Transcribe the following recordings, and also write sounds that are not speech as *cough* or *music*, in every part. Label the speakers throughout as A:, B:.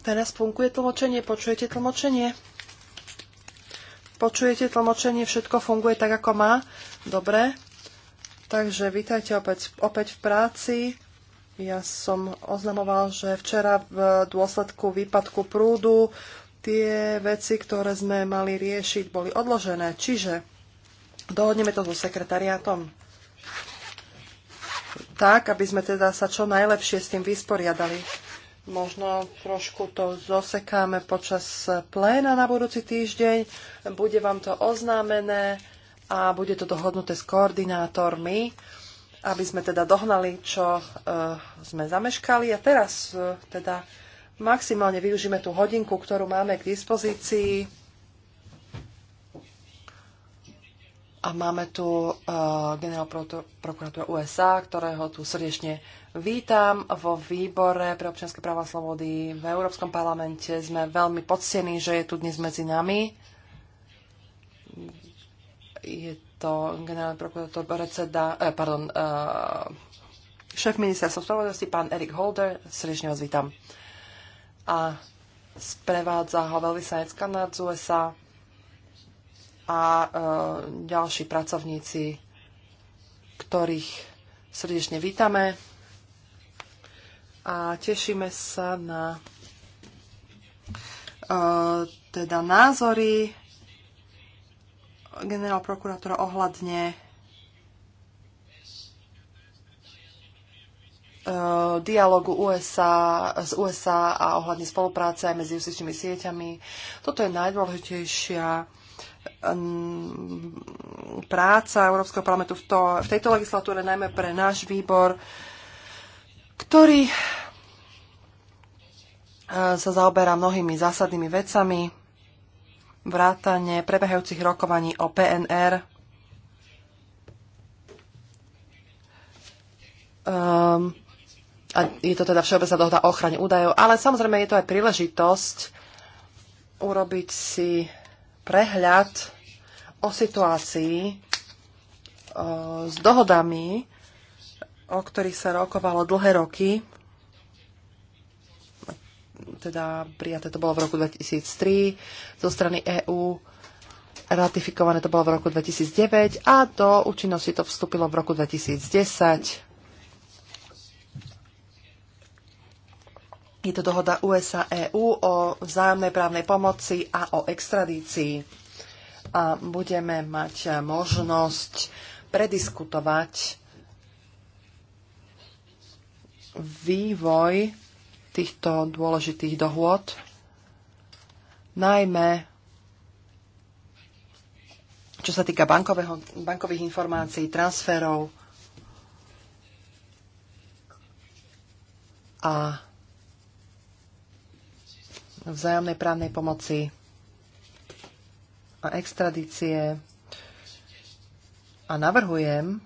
A: Teraz funguje tlmočenie, počujete tlmočenie? Počujete tlmočenie, všetko funguje tak, ako má? Dobre. Takže vítajte opäť, opäť v práci. Ja som oznamoval, že včera v dôsledku výpadku prúdu tie veci, ktoré sme mali riešiť, boli odložené. Čiže dohodneme to so sekretariátom tak, aby sme teda sa čo najlepšie s tým vysporiadali. Možno trošku to zosekáme počas pléna na budúci týždeň. Bude vám to oznámené a bude to dohodnuté s koordinátormi, aby sme teda dohnali, čo e, sme zameškali. A teraz e, teda maximálne využíme tú hodinku, ktorú máme k dispozícii A máme tu uh, generál prokurátora USA, ktorého tu srdečne vítam vo výbore pre občianske práva a slobody v Európskom parlamente. Sme veľmi poctení, že je tu dnes medzi nami. Je to generálny prokurátor receda, eh, pardon, uh, šéf ministerstva spravodlivosti, pán Erik Holder. Srdečne vás vítam. A sprevádza ho veľvyslanec Kanad z USA a e, ďalší pracovníci, ktorých srdečne vítame a tešíme sa na e, teda názory generál prokurátora ohľadne e, dialogu USA, z USA a ohľadne spolupráce aj medzi justičnými sieťami. Toto je najdôležitejšia Ehm, práca Európskeho parlamentu v, to, v tejto legislatúre, najmä pre náš výbor, ktorý eh, sa zaoberá mnohými zásadnými vecami, vrátane prebehajúcich rokovaní o PNR. Um, ehm, a je to teda všeobecná dohoda o ochrane údajov, ale samozrejme je to aj príležitosť urobiť si prehľad o situácii, e, s dohodami, o ktorých sa rokovalo dlhé roky. Teda prijaté to bolo v roku 2003 zo strany EÚ, ratifikované to bolo v roku 2009 a do účinnosti to vstúpilo v roku 2010. Je to dohoda USA-EU e o vzájomnej právnej pomoci a o extradícii. A budeme mať možnosť prediskutovať vývoj týchto dôležitých dohôd, najmä čo sa týka bankového, bankových informácií, transferov a vzájomnej právnej pomoci a extradície. A navrhujem,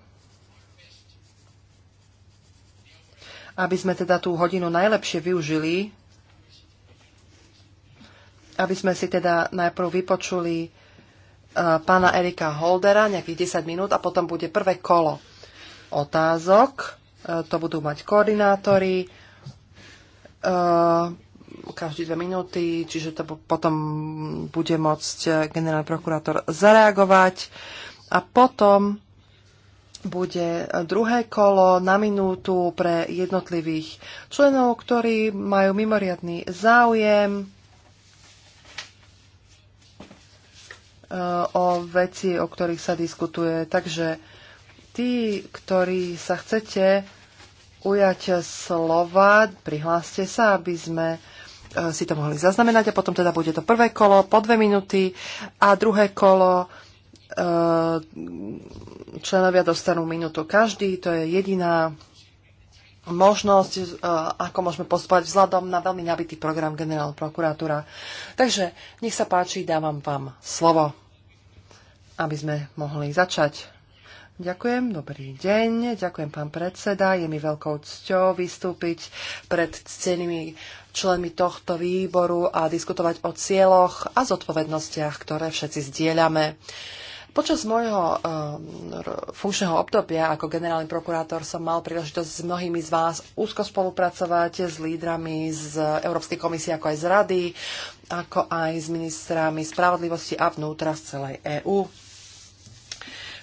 A: aby sme teda tú hodinu najlepšie využili, aby sme si teda najprv vypočuli e, pána Erika Holdera nejakých 10 minút a potom bude prvé kolo otázok. E, to budú mať koordinátori. E, každé dve minúty, čiže to potom bude môcť eh, generálny prokurátor zareagovať. A potom bude eh, druhé kolo na minútu pre jednotlivých členov, ktorí majú mimoriadný záujem eh, o veci, o ktorých sa diskutuje. Takže tí, ktorí sa chcete ujať slova, prihláste sa, aby sme E, si to mohli zaznamenať a potom teda bude to prvé kolo po dve minúty a druhé kolo e, členovia dostanú minútu každý, to je jediná možnosť, e, ako môžeme postupovať vzhľadom na veľmi nabitý program generál prokuratúra. Takže nech sa páči, dávam vám slovo, aby sme mohli začať. Ďakujem, dobrý deň. Ďakujem, pán predseda. Je mi veľkou cťou vystúpiť pred cenými členmi tohto výboru a diskutovať o cieľoch a zodpovednostiach, ktoré všetci zdieľame. Počas môjho uh, funkčného obdobia ako generálny prokurátor som mal príležitosť s mnohými z vás úzko spolupracovať s lídrami z Európskej komisie, ako aj z Rady, ako aj s ministrami spravodlivosti a vnútra z celej EÚ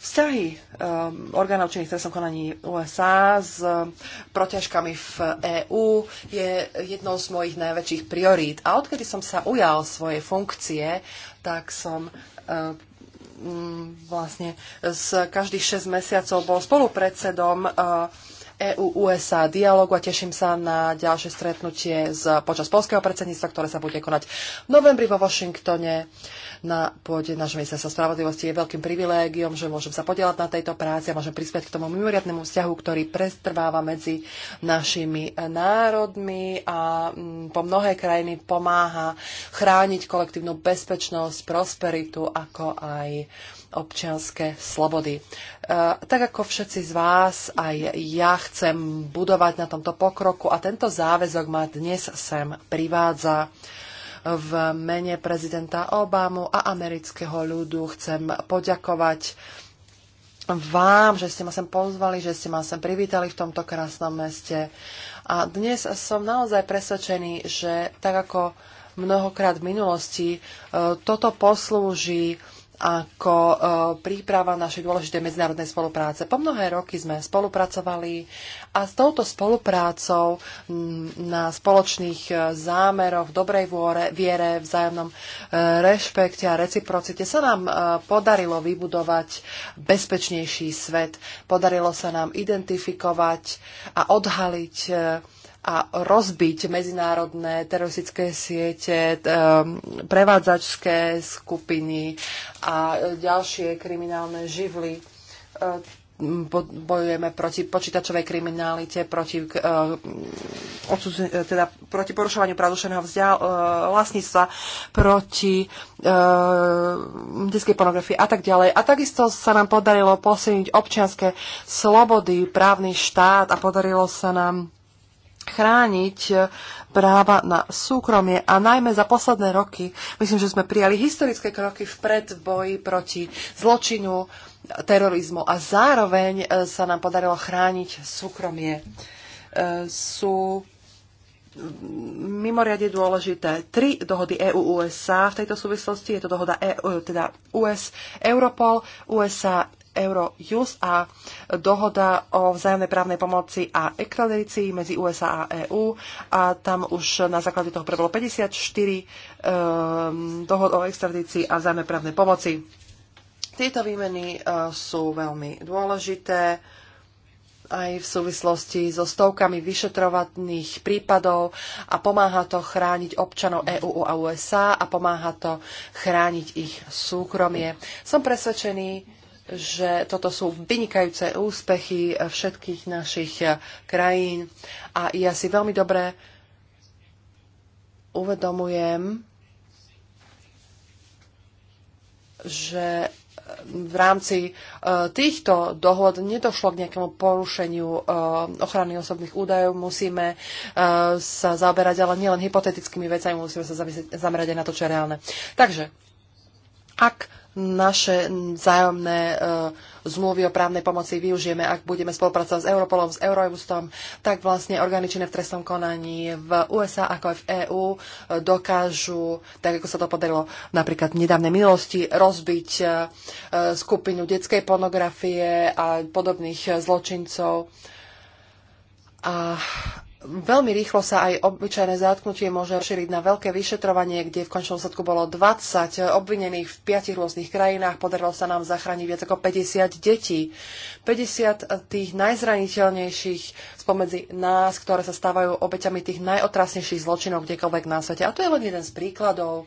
A: Vzťahy um, orgánov činných trestnom konaní USA s um, protiažkami v EÚ je jednou z mojich najväčších priorít. A odkedy som sa ujal svoje funkcie, tak som uh, mm, vlastne z každých 6 mesiacov bol spolupredsedom uh, EU-USA dialogu a teším sa na ďalšie stretnutie z, počas polského predsedníctva, ktoré sa bude konať v novembri vo Washingtone na pôde nášho ministerstva spravodlivosti. Je veľkým privilégiom, že môžem sa podielať na tejto práci a môžem prispieť k tomu mimoriadnemu vzťahu, ktorý prestrváva medzi našimi národmi a mm, po mnohé krajiny pomáha chrániť kolektívnu bezpečnosť, prosperitu, ako aj občianské slobody. E, tak ako všetci z vás, aj ja chcem budovať na tomto pokroku a tento záväzok ma dnes sem privádza. V mene prezidenta Obamu a amerického ľudu chcem poďakovať vám, že ste ma sem pozvali, že ste ma sem privítali v tomto krásnom meste. A dnes som naozaj presvedčený, že tak ako mnohokrát v minulosti, e, toto poslúži ako e, príprava našej dôležitej medzinárodnej spolupráce. Po mnohé roky sme spolupracovali a s touto spoluprácou mm, na spoločných e, zámeroch, dobrej vôre, viere, vzájomnom e, rešpekte a reciprocite sa nám podarilo vybudovať bezpečnejší svet. Podarilo sa nám identifikovať a odhaliť a rozbiť medzinárodné teroristické siete, ehm, prevádzačské skupiny a ďalšie kriminálne živly. Ehm, bojujeme proti počítačovej kriminalite, proti, ehm, teda proti porušovaniu pradušeného e, vlastníctva, proti detskej pornografii a tak ďalej. A takisto sa nám podarilo posilniť občianské slobody, právny štát a podarilo sa nám chrániť eh, práva na súkromie a najmä za posledné roky myslím, že sme prijali historické kroky vpred v boji proti zločinu, terorizmu a zároveň eh, sa nám podarilo chrániť súkromie. Eh, sú mimoriadne dôležité tri dohody EU-USA v tejto súvislosti. Je to dohoda EU, teda US-Europol, USA Eurojust a dohoda o vzájomnej právnej pomoci a extradícii medzi USA a EÚ a tam už na základe toho prebolo 54 um, ehm, dohod o extradícii a vzájomnej právnej pomoci. Tieto výmeny uh, sú veľmi dôležité aj v súvislosti so stovkami vyšetrovaných prípadov a pomáha to chrániť občanov EÚ a USA a pomáha to chrániť ich súkromie. Som presvedčený, že toto sú vynikajúce úspechy všetkých našich krajín a ja si veľmi dobre uvedomujem, že v rámci e, týchto dohod nedošlo k nejakému porušeniu e, ochrany osobných údajov. Musíme e, sa zaoberať ale nielen hypotetickými vecami, musíme sa zamerať aj na to, čo je reálne. Takže, ak naše vzájomné e, zmluvy o právnej pomoci využijeme, ak budeme spolupracovať s Europolom, s Eurojustom, tak vlastne orgány činné v trestnom konaní v USA ako aj v EÚ e, dokážu, tak ako sa to podarilo napríklad v nedávnej minulosti, rozbiť e, skupinu detskej pornografie a podobných zločincov. A Veľmi rýchlo sa aj obyčajné zatknutie môže rozšíriť na veľké vyšetrovanie, kde v končnom sledku bolo 20 obvinených v 5 rôznych krajinách. Podarilo sa nám zachrániť viac ako 50 detí. 50 tých najzraniteľnejších spomedzi nás, ktoré sa stávajú obeťami tých najotrasnejších zločinov kdekoľvek na svete. A to je len jeden z príkladov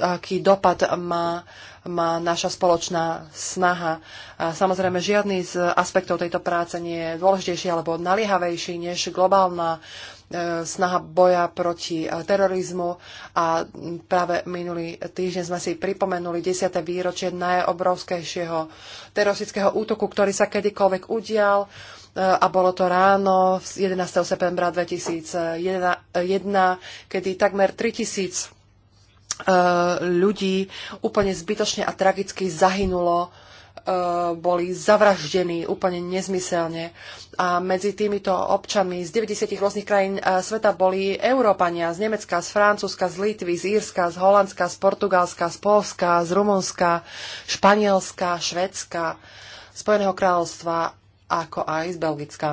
A: aký dopad má, má naša spoločná snaha. A samozrejme, žiadny z aspektov tejto práce nie je dôležitejší alebo naliehavejší než globálna e, snaha boja proti e, terorizmu a práve minulý týždeň sme si pripomenuli 10. výročie najobrovskejšieho teroristického útoku, ktorý sa kedykoľvek udial e, a bolo to ráno 11. septembra 2001, kedy takmer 3000 Eh, ľudí úplne zbytočne a tragicky zahynulo, eh, boli zavraždení úplne nezmyselne. A medzi týmito občanmi z 90 rôznych krajín eh, sveta boli Európania z Nemecka, z Francúzska, z Litvy, z Írska, z Holandska, z Portugalska, z Polska, z Rumunska, Španielska, Švedska, Spojeného kráľovstva, ako aj z Belgická.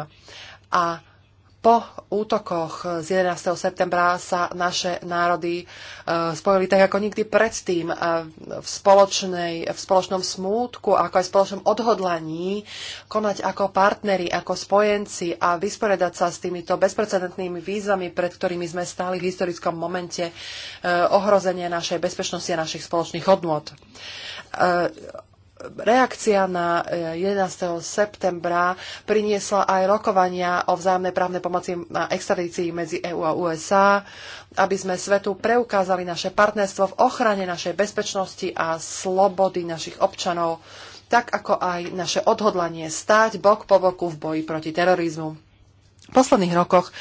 A: A po útokoch z 11. septembra sa naše národy e, spojili tak ako nikdy predtým e, v, spoločnej, v spoločnom smútku, ako aj v spoločnom odhodlaní konať ako partneri, ako spojenci a vysporiadať sa s týmito bezprecedentnými výzvami, pred ktorými sme stáli v historickom momente e, ohrozenia našej bezpečnosti a našich spoločných hodnôt reakcia na 11. Eh, septembra priniesla aj rokovania o vzájomnej právnej pomoci na extradícii medzi EÚ a USA, aby sme svetu preukázali naše partnerstvo v ochrane našej bezpečnosti a slobody našich občanov, tak ako aj naše odhodlanie stáť bok po boku v boji proti terorizmu. V posledných rokoch e,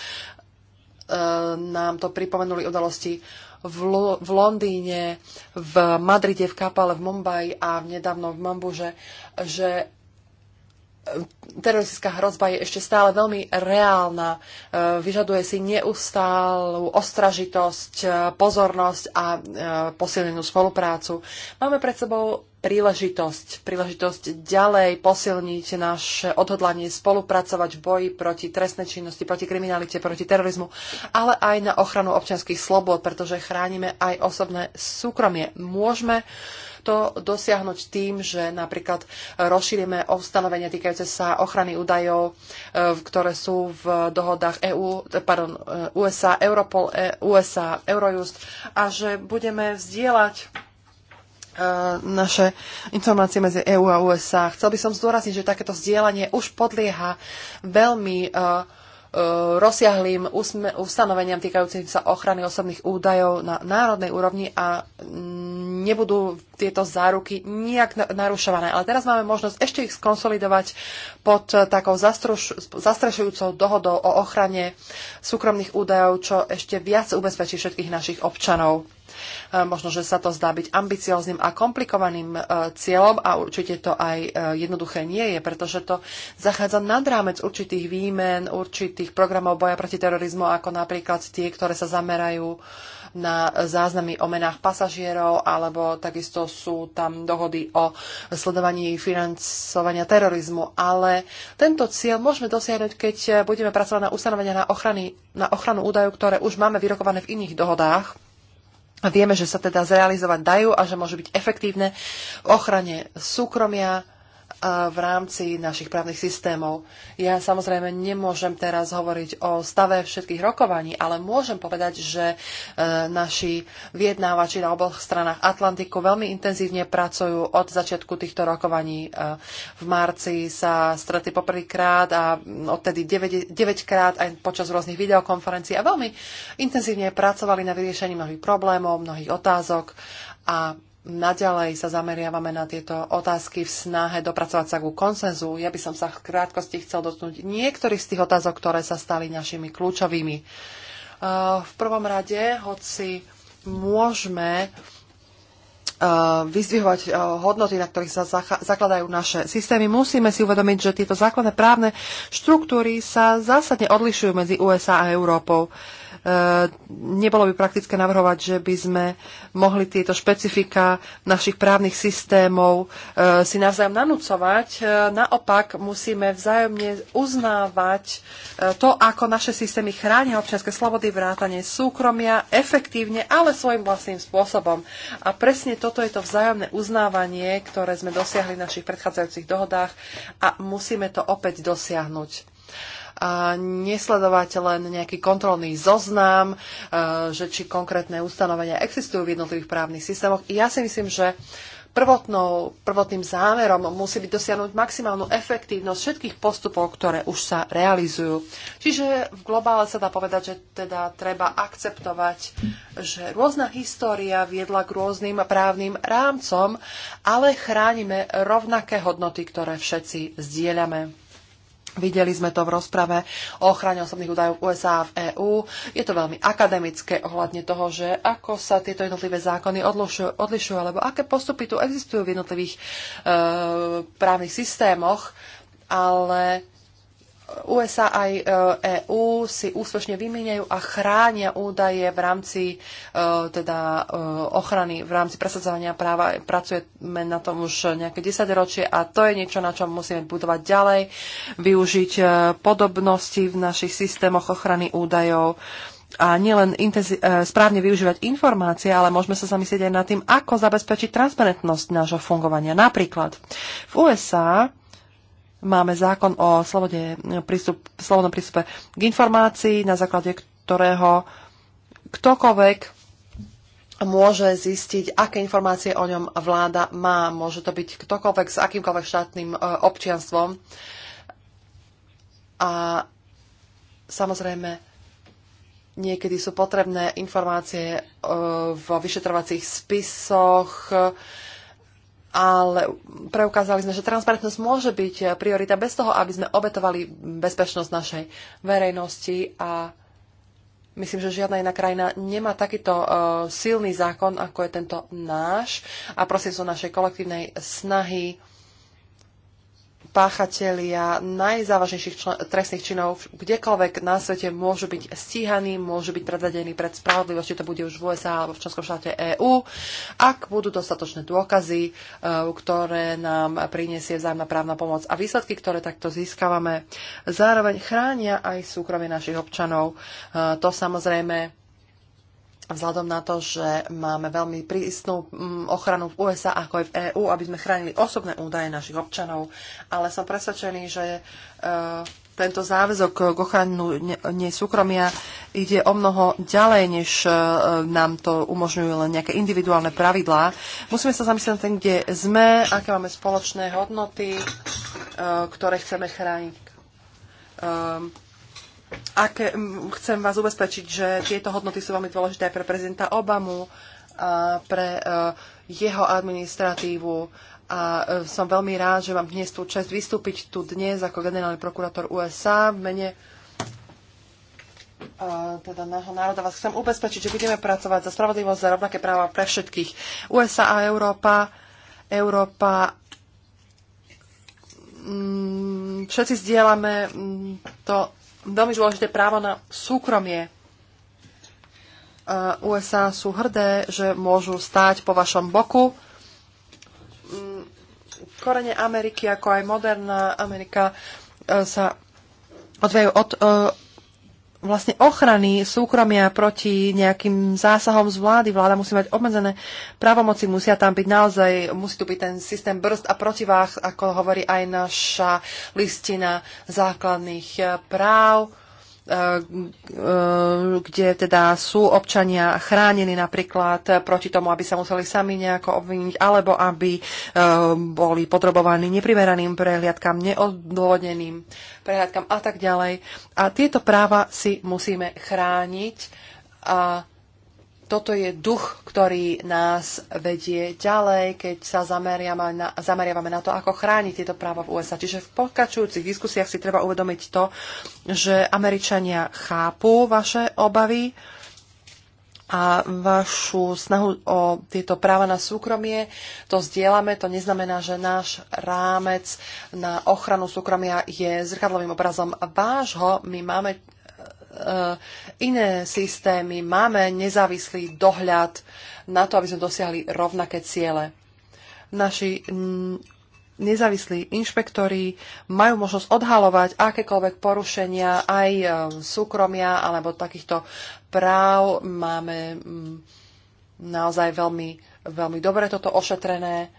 A: nám to pripomenuli udalosti v, L- v Londýne, v Madride, v Kapale, v Mumbai a nedávno v Mambuže, že teroristická hrozba je ešte stále veľmi reálna. E, vyžaduje si neustálu ostražitosť, e, pozornosť a e, posilnenú spoluprácu. Máme pred sebou príležitosť, príležitosť ďalej posilniť naše odhodlanie spolupracovať v boji proti trestnej činnosti, proti kriminalite, proti terorizmu, ale aj na ochranu občianských slobod, pretože chránime aj osobné súkromie. Môžeme uh, to dosiahnuť tým, že napríklad rozšírime ustanovenia týkajúce sa ochrany údajov, e, ktoré sú v dohodách EU, pardon, e, USA, Europol, e, USA, Eurojust a že budeme vzdielať naše informácie medzi EÚ a USA. Chcel by som zdôrazniť, že takéto vzdielanie už podlieha veľmi rozsiahlým ustanoveniam týkajúcim sa ochrany osobných údajov na národnej úrovni a nebudú tieto záruky nijak narušované. Ale teraz máme možnosť ešte ich skonsolidovať pod takou zastrešujúcou dohodou o ochrane súkromných údajov, čo ešte viac ubezpečí všetkých našich občanov. E, možno, že sa to zdá byť ambicióznym a komplikovaným e, cieľom a určite to aj e, jednoduché nie je, pretože to zachádza nad rámec určitých výmen, určitých programov boja proti terorizmu, ako napríklad tie, ktoré sa zamerajú na záznamy o menách pasažierov, alebo takisto sú tam dohody o sledovaní financovania terorizmu. Ale tento cieľ môžeme dosiahnuť, keď budeme pracovať na ustanovenia na, ochrany, na ochranu údajov, ktoré už máme vyrokované v iných dohodách. A vieme, že sa teda zrealizovať dajú a že môžu byť efektívne v ochrane súkromia, v rámci našich právnych systémov. Ja samozrejme nemôžem teraz hovoriť o stave všetkých rokovaní, ale môžem povedať, že e, naši vyjednávači na oboch stranách Atlantiku veľmi intenzívne pracujú od začiatku týchto rokovaní. E, v marci sa stretli poprvýkrát a odtedy 9, 9 krát aj počas rôznych videokonferencií a veľmi intenzívne pracovali na vyriešení mnohých problémov, mnohých otázok a naďalej sa zameriavame na tieto otázky v snahe dopracovať sa ku konsenzu. Ja by som sa v krátkosti chcel dotknúť niektorých z tých otázok, ktoré sa stali našimi kľúčovými. E, v prvom rade, hoci môžeme e, vyzdvihovať e, hodnoty, na ktorých sa zakladajú naše systémy, musíme si uvedomiť, že tieto základné právne štruktúry sa zásadne odlišujú medzi USA a Európou. E, nebolo by praktické navrhovať, že by sme mohli tieto špecifika našich právnych systémov e, si navzájom nanúcovať. E, naopak musíme vzájomne uznávať to, ako naše systémy chránia občianske slobody, vrátanie súkromia efektívne, ale svojim vlastným spôsobom. A presne toto je to vzájomné uznávanie, ktoré sme dosiahli v našich predchádzajúcich dohodách a musíme to opäť dosiahnuť a nesledovať len nejaký kontrolný zoznam, e, že či konkrétne ustanovenia existujú v jednotlivých právnych systémoch. Ja si myslím, že prvotnou, prvotným zámerom musí byť dosiahnuť maximálnu efektívnosť všetkých postupov, ktoré už sa realizujú. Čiže v globále sa dá povedať, že teda treba akceptovať, že rôzna história viedla k rôznym právnym rámcom, ale chránime rovnaké hodnoty, ktoré všetci zdieľame. Videli sme to v rozprave o ochrane osobných údajov USA a v EÚ. Je to veľmi akademické ohľadne toho, že ako sa tieto jednotlivé zákony odlišujú, odlišujú alebo aké postupy tu existujú v jednotlivých e, právnych systémoch, ale USA aj EÚ e si úspešne vymieňajú a chránia údaje v rámci e, teda e, ochrany, v rámci presadzovania práva. Pracujeme na tom už nejaké desaťročie a to je niečo, na čom musíme budovať ďalej, využiť podobnosti v našich systémoch ochrany údajov a nielen správne využívať informácie, ale môžeme sa zamyslieť aj nad tým, ako zabezpečiť transparentnosť nášho fungovania. Napríklad v USA Máme zákon o slobode, eh, prístup, slobodnom prístupe k informácii, na základe ktorého ktokoľvek môže zistiť, aké informácie o ňom vláda má. Môže to byť ktokoľvek s akýmkoľvek štátnym eh, občianstvom. A samozrejme, niekedy sú potrebné informácie eh, vo vyšetrovacích spisoch, ale preukázali sme, že transparentnosť môže byť priorita bez toho, aby sme obetovali bezpečnosť našej verejnosti a myslím, že žiadna iná krajina nemá takýto uh, silný zákon, ako je tento náš a prosím sú našej kolektívnej snahy páchatelia najzávažnejších člen- trestných činov kdekoľvek na svete môžu byť stíhaní, môžu byť predvedení pred spravodlivosť, či to bude už v USA alebo v Českom štáte EÚ, ak budú dostatočné dôkazy, e, ktoré nám priniesie vzájomná právna pomoc a výsledky, ktoré takto získavame, zároveň chránia aj súkromie našich občanov. E, to samozrejme vzhľadom na to, že máme veľmi prísnu mm, ochranu v USA ako aj v EÚ, aby sme chránili osobné údaje našich občanov. Ale som presvedčený, že e, tento záväzok k ochranu nie súkromia ide o mnoho ďalej, než e, nám to umožňujú len nejaké individuálne pravidlá. Musíme sa zamyslieť na ten, kde sme, aké máme spoločné hodnoty, e, ktoré chceme chrániť aké, chcem vás ubezpečiť, že tieto hodnoty sú veľmi dôležité pre prezidenta Obamu a pre e, jeho administratívu. A e, som veľmi rád, že mám dnes tú čest vystúpiť tu dnes ako generálny prokurátor USA v mene teda nášho národa vás chcem ubezpečiť, že budeme pracovať za spravodlivosť, za rovnaké práva pre všetkých. USA a Európa, Európa všetci zdieľame to veľmi dôležité právo na súkromie. Eh, USA sú hrdé, že môžu stáť po vašom boku. Mm, Korene Ameriky, ako aj moderná Amerika, eh, sa odvejú od eh, vlastne ochrany súkromia proti nejakým zásahom z vlády. Vláda musí mať obmedzené právomoci, musia tam byť naozaj, musí tu byť ten systém brzd a protivách, ako hovorí aj naša listina základných eh, práv E, e, kde teda sú občania chránení napríklad proti tomu, aby sa museli sami nejako obviniť, alebo aby e, boli podrobovaní neprimeraným prehliadkam, neodôvodneným prehliadkam a tak ďalej. A tieto práva si musíme chrániť a toto je duch, ktorý nás vedie ďalej, keď sa na, zameriavame na to, ako chrániť tieto práva v USA. Čiže v pokračujúcich diskusiách si treba uvedomiť to, že Američania chápu vaše obavy a vašu snahu o tieto práva na súkromie. To zdieľame, to neznamená, že náš rámec na ochranu súkromia je zrkadlovým obrazom vášho. My máme E, iné systémy, máme nezávislý dohľad na to, aby sme dosiahli rovnaké ciele. Naši nezávislí inšpektori majú možnosť odhalovať akékoľvek porušenia aj e, súkromia alebo takýchto práv. Máme naozaj veľmi, veľmi dobre toto ošetrené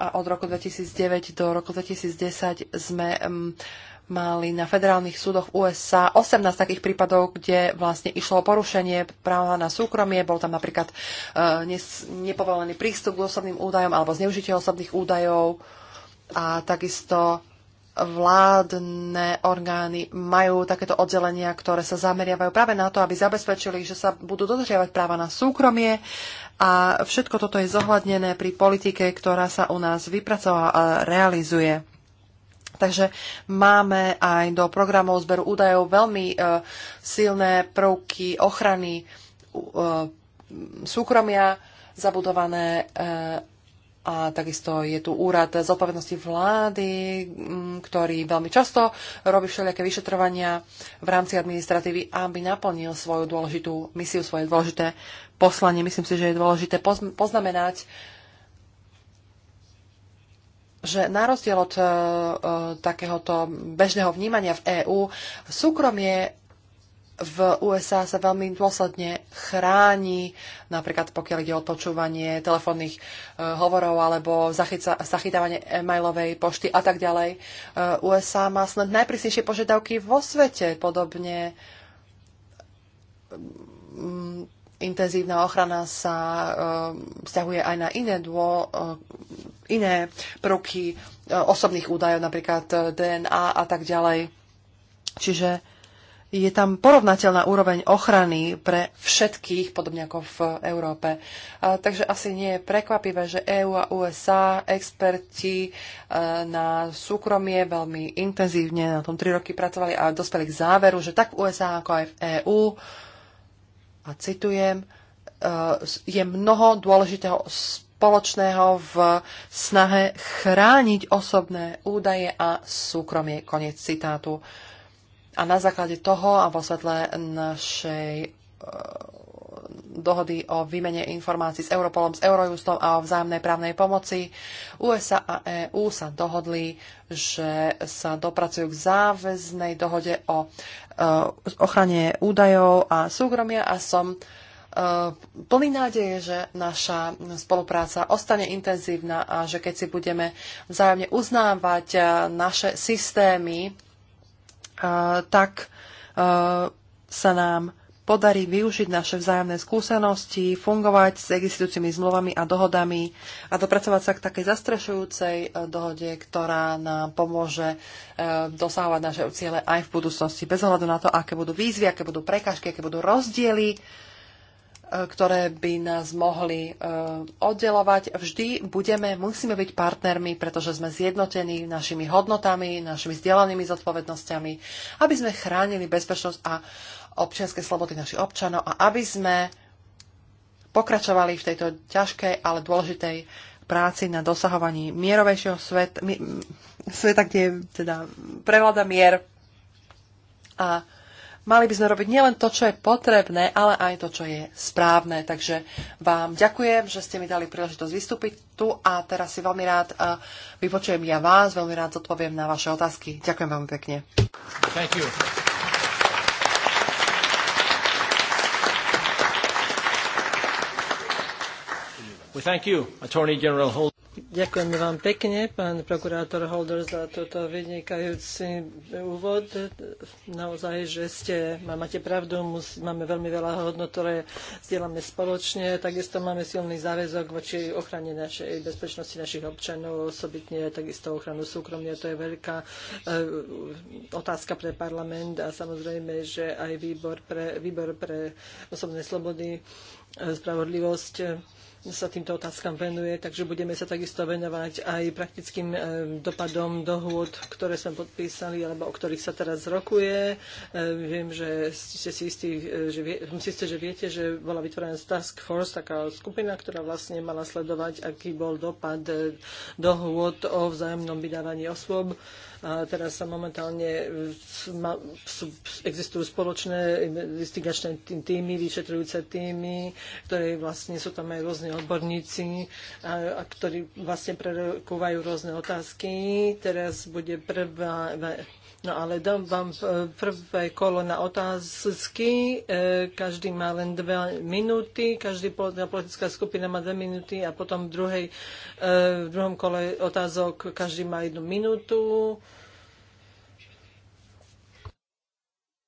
A: a od roku 2009 do roku 2010 sme mali na federálnych súdoch USA 18 takých prípadov, kde vlastne išlo o porušenie práva na súkromie. Bol tam napríklad e, nepovolený prístup k osobným údajom alebo zneužitie osobných údajov a takisto vládne orgány majú takéto oddelenia, ktoré sa zameriavajú práve na to, aby zabezpečili, že sa budú dodržiavať práva na súkromie a všetko toto je zohľadnené pri politike, ktorá sa u nás vypracovala a realizuje. Takže máme aj do programov zberu údajov veľmi e, silné prvky ochrany e, súkromia zabudované e, a takisto je tu úrad zodpovednosti vlády, ktorý veľmi často robí všelijaké vyšetrovania v rámci administratívy, aby naplnil svoju dôležitú misiu, svoje dôležité poslanie. Myslím si, že je dôležité poznamenať, že na rozdiel od uh, takéhoto bežného vnímania v EÚ, súkromie v USA sa veľmi dôsledne chráni, napríklad pokiaľ ide o počúvanie telefónnych uh, hovorov alebo zachyca, zachytávanie e-mailovej pošty a tak ďalej. USA má snad najprísnejšie požiadavky vo svete, podobne Intenzívna ochrana sa eh, vzťahuje aj na iné, dô, eh, iné prvky eh, osobných údajov, napríklad DNA a tak ďalej. Čiže je tam porovnateľná úroveň ochrany pre všetkých, podobne ako v Európe. A, takže asi nie je prekvapivé, že EÚ a USA, experti e, na súkromie veľmi intenzívne na tom tri roky pracovali a dospeli k záveru, že tak v USA ako aj v EÚ a citujem, e, je mnoho dôležitého spoločného v snahe chrániť osobné údaje a súkromie. Koniec citátu. A na základe toho a vo svetle našej e, dohody o výmene informácií s Europolom, s Eurojustom a o vzájomnej právnej pomoci. USA a EÚ sa dohodli, že sa dopracujú k záväznej dohode o Eh, ochrane údajov a súkromia a som eh, plný nádeje, že naša spolupráca ostane intenzívna a že keď si budeme vzájomne uznávať eh, naše systémy, tak sa nám podarí využiť naše vzájomné skúsenosti, fungovať s existujúcimi zmluvami a dohodami a dopracovať sa k takej zastrešujúcej eh, dohode, ktorá nám pomôže eh, dosahovať naše ciele aj v budúcnosti, bez ohľadu na to, aké budú výzvy, aké budú prekážky, aké budú rozdiely, eh, ktoré by nás mohli oddelovať. Vždy budeme, musíme byť partnermi, pretože sme zjednotení našimi hodnotami, našimi vzdielanými zodpovednosťami, aby sme chránili bezpečnosť a občianske slobody našich občanov a aby sme pokračovali v tejto ťažkej, ale dôležitej práci na dosahovaní mierovejšieho sveta mi, sveta, kde je teda prevláda mier. A mali by sme robiť nielen to, čo je potrebné, ale aj to, čo je správne. Takže vám ďakujem, že ste mi dali príležitosť vystúpiť tu a teraz si veľmi rád eh, vypočujem ja vás, veľmi rád zodpoviem na vaše otázky. Ďakujem veľmi pekne. Thank you.
B: You, Ďakujem vám pekne, pán prokurátor Holder, za toto vynikajúci úvod. Naozaj, že ste, máte pravdu, máme veľmi veľa hodnot, ktoré zdieľame spoločne. Takisto máme silný záväzok voči ochrane našej bezpečnosti našich občanov, osobitne takisto ochranu súkromia. To je veľká e, otázka pre parlament a samozrejme, že aj výbor pre, výbor pre osobné slobody, spravodlivosť sa týmto otázkam venuje, takže budeme sa takisto venovať aj praktickým e, dopadom dohôd, ktoré sme podpísali alebo o ktorých sa teraz rokuje. E, viem, že ste si istí, e, že, vie, si ste, že viete, že bola vytvorená task force, taká skupina, ktorá vlastne mala sledovať, aký bol dopad dohôd o vzájomnom vydávaní osôb teraz sa momentálne e, existujú spoločné investigačné týmy, vyšetrujúce týmy, ktoré vlastne sú tam aj rôzni odborníci, a, a ktorí vlastne prerokúvajú rôzne otázky. Teraz bude prvá No ale dám vám e, prvé kolo na otázky. E, každý má len dve minúty, každý politická skupina má dve minúty a potom v, druhej, e, v druhom kole otázok každý má jednu minútu.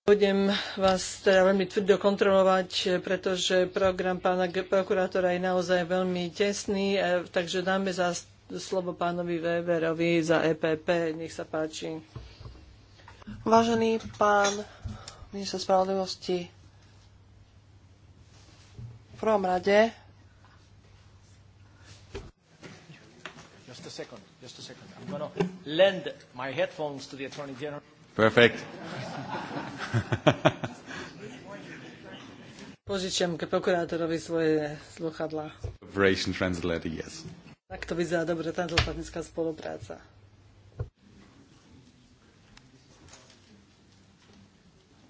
B: Budem vás teda veľmi tvrdo kontrolovať, pretože program pána prokurátora je naozaj veľmi tesný, takže dáme za slovo pánovi Weberovi za EPP. Nech sa
A: páči. Vážený pán minister spravodlivosti, v prvom rade
B: Just a second, just a second. I'm going to lend my headphones to the Attorney General. Perfect. Požičiam ke prokurátorovi svoje sluchadla.
A: Operation Translator, yes.
B: Tak to vyzerá dobre transatlantická spolupráca.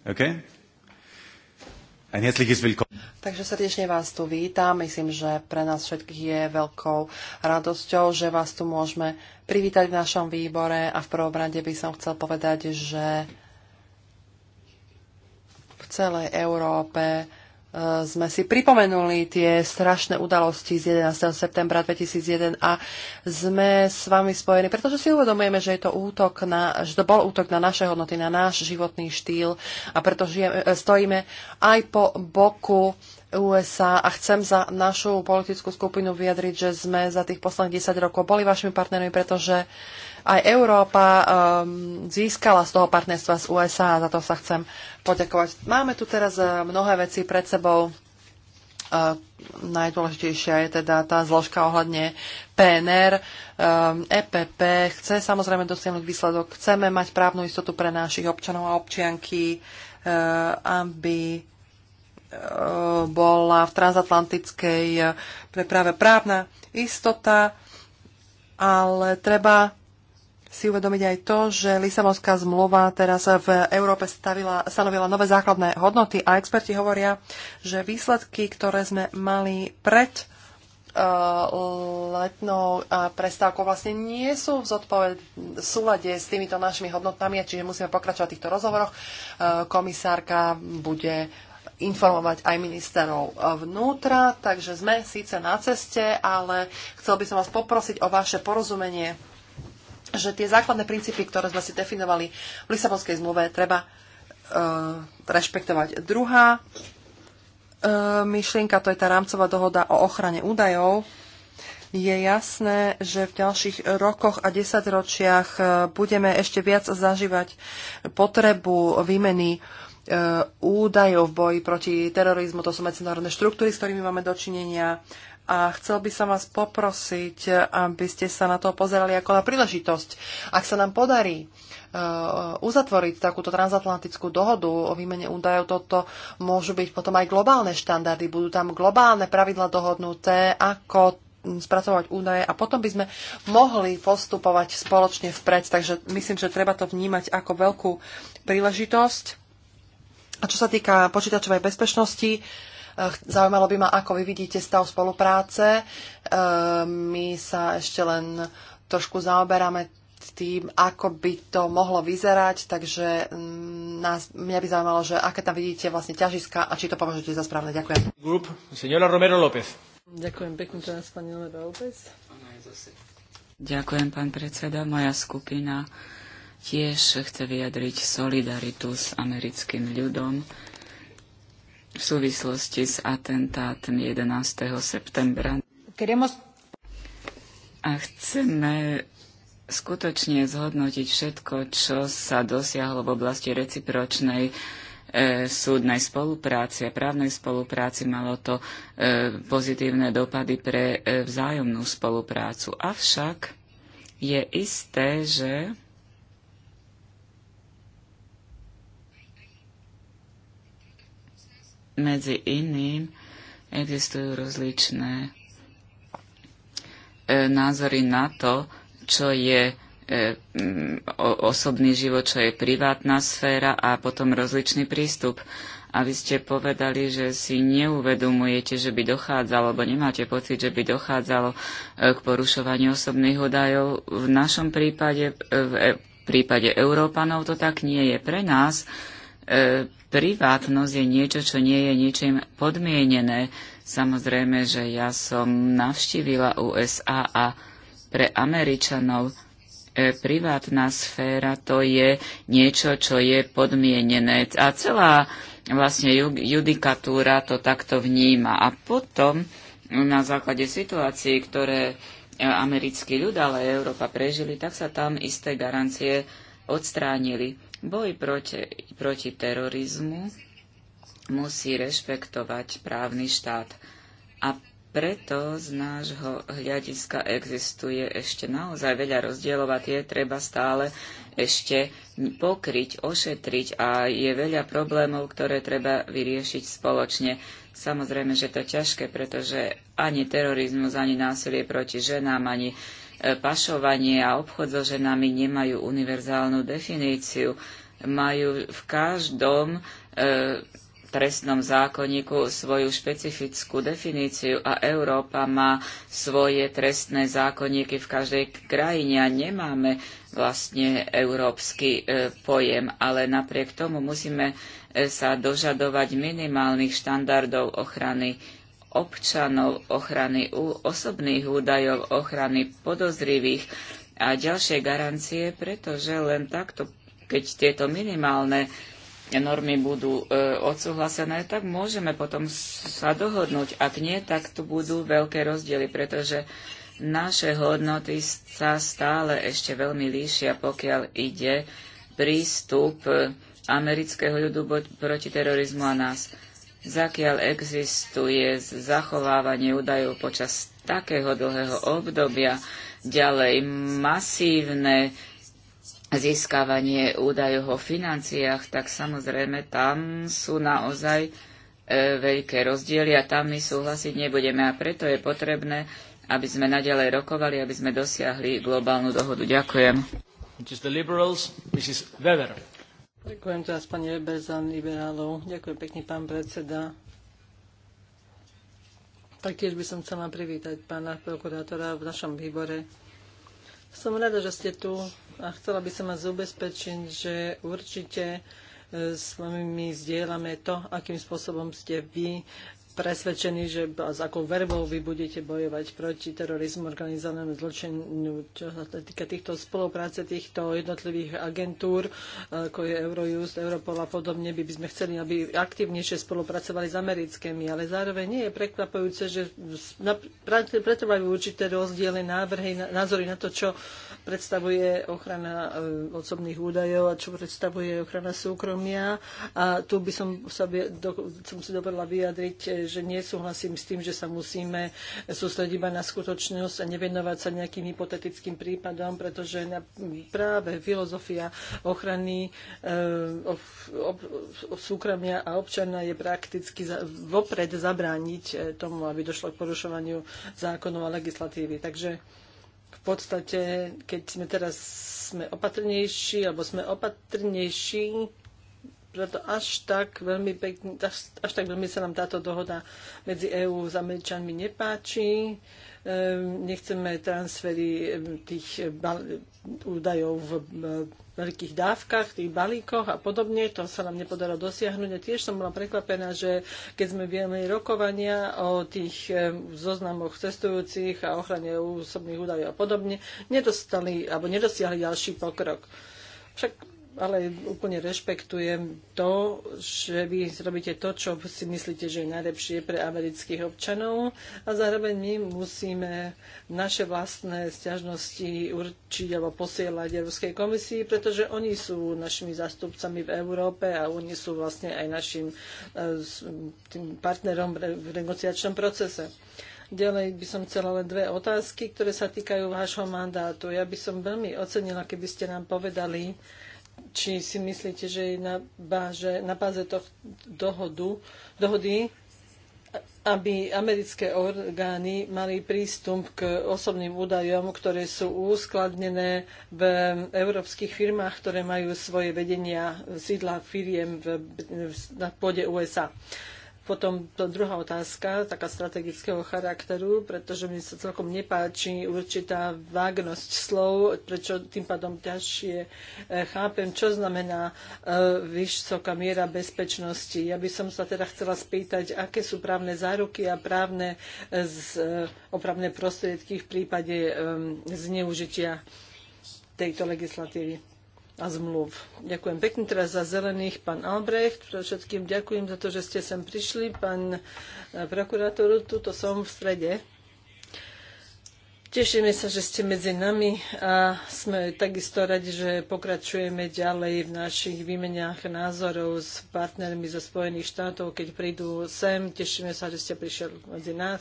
A: Okay? Ein herzliches Willkommen. Takže srdečne vás tu vítam. Myslím, že pre nás všetkých je veľkou radosťou, že vás tu môžeme privítať v našom výbore a v prvom rade by som chcel povedať, že v celej Európe Eh, sme si pripomenuli tie strašné udalosti z 11. septembra 2001 a sme s vami spojení, pretože si uvedomujeme, že, je to, útok na, že to bol útok na naše hodnoty, na náš životný štýl a preto žijeme, eh, stojíme aj po boku USA a chcem za našu politickú skupinu vyjadriť, že sme za tých posledných 10 rokov boli vašimi partnermi, pretože aj Európa um, získala z toho partnerstva z USA a za to sa chcem poďakovať. Máme tu teraz uh, mnohé veci pred sebou. Uh, najdôležitejšia je teda tá zložka ohľadne PNR. Um, EPP chce samozrejme dosiahnuť výsledok. Chceme mať právnu istotu pre našich občanov a občianky, uh, aby bola v transatlantickej eh, preprave právna istota, ale treba si uvedomiť aj to, že Lisabonská zmluva teraz v Európe stavila, stanovila nové základné hodnoty a experti hovoria, že výsledky, ktoré sme mali pred eh, letnou prestávkou vlastne nie sú v zodpoved v súlade s týmito našimi hodnotami, čiže musíme pokračovať v týchto rozhovoroch. Eh, komisárka bude informovať aj ministerov vnútra, takže sme síce na ceste, ale chcel by som vás poprosiť o vaše porozumenie, že tie základné princípy, ktoré sme si definovali v Lisabonskej zmluve, treba e, rešpektovať. Druhá e, myšlienka, to je tá rámcová dohoda o ochrane údajov. Je jasné, že v ďalších rokoch a desaťročiach e, budeme ešte viac zažívať potrebu výmeny Eh, údajov v boji proti terorizmu, to sú medzinárodné štruktúry, s ktorými máme dočinenia. A chcel by som vás poprosiť, aby ste sa na to pozerali ako na príležitosť. Ak sa nám podarí eh, uzatvoriť takúto transatlantickú dohodu o výmene údajov, toto môžu byť potom aj globálne štandardy, budú tam globálne pravidla dohodnuté, ako spracovať údaje a potom by sme mohli postupovať spoločne vpred. Takže myslím, že treba to vnímať ako veľkú príležitosť a čo sa týka počítačovej bezpečnosti, eh, zaujímalo by ma, ako vy vidíte stav spolupráce. Eh, my sa ešte len trošku zaoberáme tým, ako by to mohlo vyzerať, takže mm, nás, mňa by zaujímalo, že aké tam vidíte vlastne ťažiska a či to považujete za správne. Ďakujem. Grup, senora Romero López.
B: Ďakujem pekne nás pani Romero
C: López. Ďakujem, pán predseda. Moja skupina tiež chce vyjadriť solidaritu s americkým ľudom v súvislosti s atentátmi 11. septembra. A chceme skutočne zhodnotiť všetko, čo sa dosiahlo v oblasti recipročnej e, súdnej spolupráci a právnej spolupráci. Malo to e, pozitívne dopady pre e, vzájomnú spoluprácu. Avšak je isté, že medzi iným existujú rozličné e, názory na to, čo je e, mm, osobný život, čo je privátna sféra a potom rozličný prístup. A vy ste povedali, že si neuvedomujete, že by dochádzalo, alebo nemáte pocit, že by dochádzalo e, k porušovaniu osobných údajov. V našom prípade, v prípade Európanov to tak nie je pre nás E, privátnosť je niečo, čo nie je ničím podmienené. Samozrejme, že ja som navštívila USA a pre Američanov e, privátna sféra to je niečo, čo je podmienené. A celá vlastne judikatúra to takto vníma. A potom na základe situácií, ktoré e, americký ľud, ale Európa prežili, tak sa tam isté garancie odstránili. Boj proti, proti terorizmu musí rešpektovať právny štát a preto z nášho hľadiska existuje ešte naozaj veľa rozdielov a tie treba stále ešte pokryť, ošetriť a je veľa problémov, ktoré treba vyriešiť spoločne. Samozrejme, že to je ťažké, pretože ani terorizmus, ani násilie proti ženám, ani pašovanie a obchod so ženami nemajú univerzálnu definíciu. Majú v každom e, trestnom zákonníku svoju špecifickú definíciu a Európa má svoje trestné zákonníky v každej krajine a nemáme vlastne európsky e, pojem, ale napriek tomu musíme e, sa dožadovať minimálnych štandardov ochrany občanov, ochrany osobných údajov, ochrany podozrivých a ďalšie garancie, pretože len takto, keď tieto minimálne normy budú e, odsúhlasené, tak môžeme potom sa dohodnúť. Ak nie, tak tu budú veľké rozdiely, pretože naše hodnoty sa stále ešte veľmi líšia, pokiaľ ide prístup e, amerického ľudu proti terorizmu a nás zakiaľ existuje zachovávanie údajov počas takého dlhého obdobia, ďalej masívne získavanie údajov o financiách, tak samozrejme tam sú naozaj e, veľké rozdiely a tam my súhlasiť nebudeme a preto je potrebné, aby sme nadalej rokovali, aby sme dosiahli globálnu dohodu. Ďakujem.
B: Ďakujem teraz pani Weber za liberálov. Ďakujem pekne, pán predseda. Taktiež by som chcela privítať pána prokurátora v našom výbore. Som rada, že ste tu a chcela by som vás ubezpečiť, že určite e, s vami my zdieľame to, akým spôsobom ste vy presvedčení, že s akou verbou vy budete bojovať proti terorizmu, organizovanému zločinu, čo sa týka týchto spolupráce týchto jednotlivých agentúr, e, ako je Eurojust, Europol a podobne, by, by sme chceli, aby aktívnejšie spolupracovali s americkými, ale zároveň nie je prekvapujúce, že pretrvajú určité rozdiely, návrhy, názory na to, čo predstavuje ochrana e, osobných údajov a čo predstavuje ochrana súkromia. A tu by som, sa, som si dobrala vyjadriť, e, že nesúhlasím s tým, že sa musíme sústrediť iba na skutočnosť a nevenovať sa nejakým hypotetickým prípadom, pretože na práve filozofia ochrany e, súkromia a občana je prakticky za, vopred zabrániť eh, tomu, aby došlo k porušovaniu zákonov a legislatívy. Takže v podstate, keď sme teraz sme opatrnejší, alebo sme opatrnejší, preto až tak veľmi, pekne, až, až tak veľmi sa nám táto dohoda medzi EÚ s Američanmi nepáči. Ehm, nechceme transfery ehm, tých eh, údajov v eh, veľkých dávkach, tých balíkoch a podobne. To sa nám nepodarilo dosiahnuť. A tiež som bola prekvapená, že keď sme viedli rokovania o tých ehm, zoznamoch cestujúcich a ochrane osobných údajov a podobne, nedostali alebo nedosiahli ďalší pokrok. Však ale úplne rešpektujem to, že vy robíte to, čo si myslíte, že je najlepšie pre amerických občanov a zároveň my musíme naše vlastné stiažnosti určiť alebo posielať Európskej komisii, pretože oni sú našimi zastupcami v Európe a oni sú vlastne aj našim eh, tým partnerom v negociačnom procese. Ďalej by som chcela len dve otázky, ktoré sa týkajú vášho mandátu. Ja by som veľmi ocenila, keby ste nám povedali, či si myslíte, že je na, báže, na báze tohto dohodu, dohody, aby americké orgány mali prístup k osobným údajom, ktoré sú uskladnené v európskych firmách, ktoré majú svoje vedenia sídla firiem v, na pôde USA. Potom to druhá otázka, taká strategického charakteru, pretože mi sa celkom nepáči určitá vágnosť slov, prečo tým pádom ťažšie e, chápem, čo znamená e, vysoká miera bezpečnosti. Ja by som sa teda chcela spýtať, aké sú právne záruky a právne e, z, opravné prostriedky v prípade zneužitia tejto legislatívy a zmluv. Ďakujem pekne teraz za zelených, pán Albrecht. Všetkým ďakujem za to, že ste sem prišli, pán e, prokurátor. Tuto som v strede. Tešíme sa, že ste medzi nami a sme takisto radi, že pokračujeme ďalej v našich výmeniach názorov s partnermi zo Spojených štátov, keď prídu sem. Tešíme sa, že ste prišli medzi nás.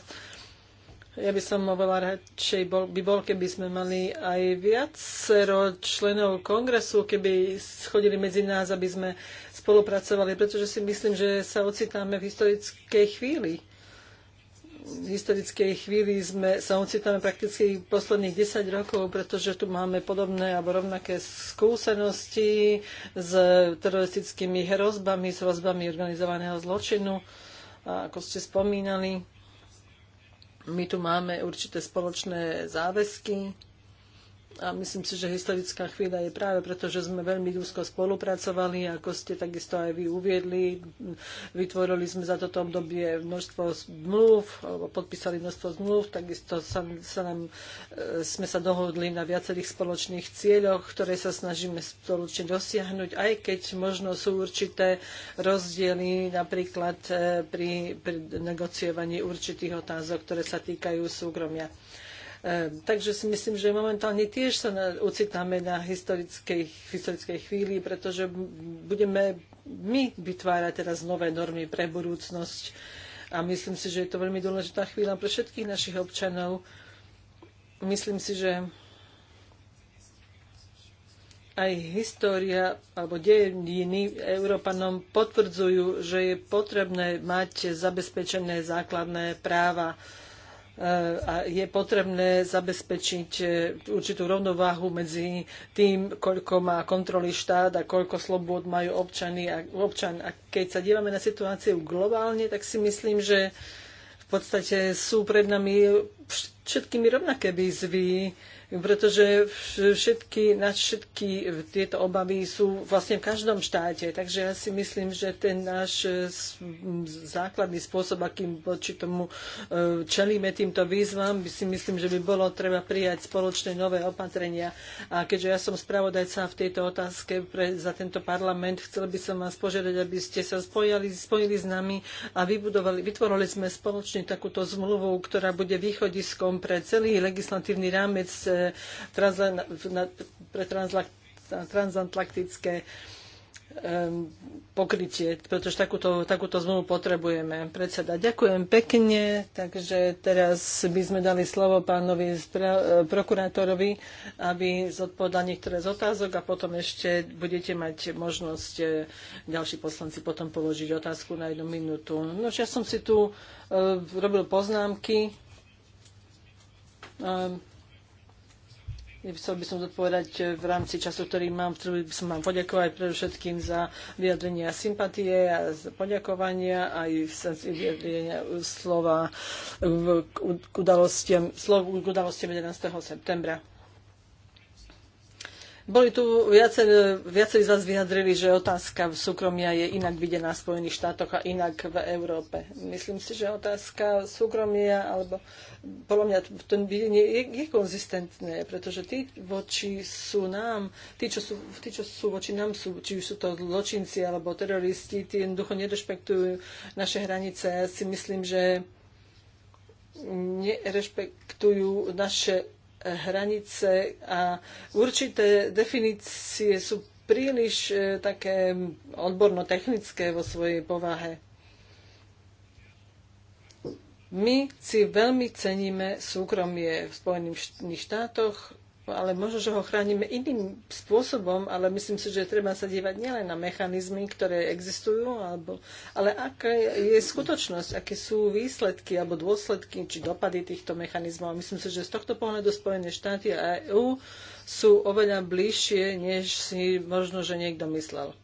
B: Ja by som oveľa radšej bol, by bol, keby sme mali aj viacero členov kongresu, keby schodili medzi nás, aby sme spolupracovali, pretože si myslím, že sa ocitáme v historickej chvíli. V historickej chvíli sme, sa ocitáme prakticky posledných 10 rokov, pretože tu máme podobné alebo rovnaké skúsenosti s teroristickými hrozbami, s hrozbami organizovaného zločinu, ako ste spomínali my tu máme určité spoločné záväzky, a myslím si, že historická chvíľa je práve preto, že sme veľmi úzko spolupracovali, ako ste takisto aj vy uviedli. Vytvorili sme za toto obdobie množstvo zmluv, podpísali množstvo zmluv, takisto sa, sa nám, e, sme sa dohodli na viacerých spoločných cieľoch, ktoré sa snažíme spoločne dosiahnuť, aj keď možno sú určité rozdiely napríklad e, pri, pri negociovaní určitých otázok, ktoré sa týkajú súkromia. Takže si myslím, že momentálne tiež sa ocitáme na historickej, historickej chvíli, pretože budeme my vytvárať teraz nové normy pre budúcnosť. A myslím si, že je to veľmi dôležitá chvíľa pre všetkých našich občanov. Myslím si, že aj história alebo dejiny Európanom potvrdzujú, že je potrebné mať zabezpečené základné práva a je potrebné zabezpečiť e, určitú rovnováhu medzi tým, koľko má kontroly štát a koľko slobôd majú občany a občan. A keď sa dívame na situáciu globálne, tak si myslím, že v podstate sú pred nami všetkými rovnaké výzvy pretože všetky, na všetky tieto obavy sú vlastne v každom štáte. Takže ja si myslím, že ten náš e, základný spôsob, akým voči tomu e, čelíme týmto výzvam, by si myslím, že by bolo treba prijať spoločné nové opatrenia. A keďže ja som spravodajca v tejto otázke pre, za tento parlament, chcel by som vás požiadať, aby ste sa spojali, spojili s nami a vybudovali, vytvorili sme spoločne takúto zmluvu, ktorá bude východiskom pre celý legislatívny rámec e, Eh, pre transatlantické pokrytie, pretože takúto, takúto zmluvu potrebujeme. Predseda, ďakujem pekne, takže teraz by sme dali slovo pánovi eh, prokurátorovi, aby zodpovedal niektoré z otázok a potom ešte budete mať možnosť eh, ďalší poslanci potom položiť otázku na jednu minútu. No, ja som si tu uh, robil poznámky. Uh, Chcel by som zodpovedať e, v rámci času, ktorý mám, ktorý by som vám poďakovať predovšetkým za vyjadrenia sympatie a poďakovania aj vyjadrenia e, slova e, k udalostiam, slov k udalostiam 11. septembra. Boli tu viacer, z vás vyjadrili, že otázka v súkromia je inak videná v Spojených štátoch a inak v Európe. Myslím si, že otázka súkromia, alebo podľa mňa to videnie je, je konzistentné, pretože tí voči sú nám, tí čo sú, tí, čo sú voči nám, sú, či už sú to zločinci alebo teroristi, tí jednoducho nerešpektujú naše hranice. Ja si myslím, že nerešpektujú naše hranice a určité definície sú príliš e, také odborno-technické vo svojej povahe. My si veľmi ceníme súkromie v Spojených štátoch, ale možno, že ho chránime iným spôsobom, ale myslím si, že treba sa dívať nielen na mechanizmy, ktoré existujú, alebo, ale aká je skutočnosť, aké sú výsledky alebo dôsledky či dopady týchto mechanizmov. Myslím si, že z tohto pohľadu Spojené štáty a EÚ sú oveľa bližšie, než si možno, že niekto myslel.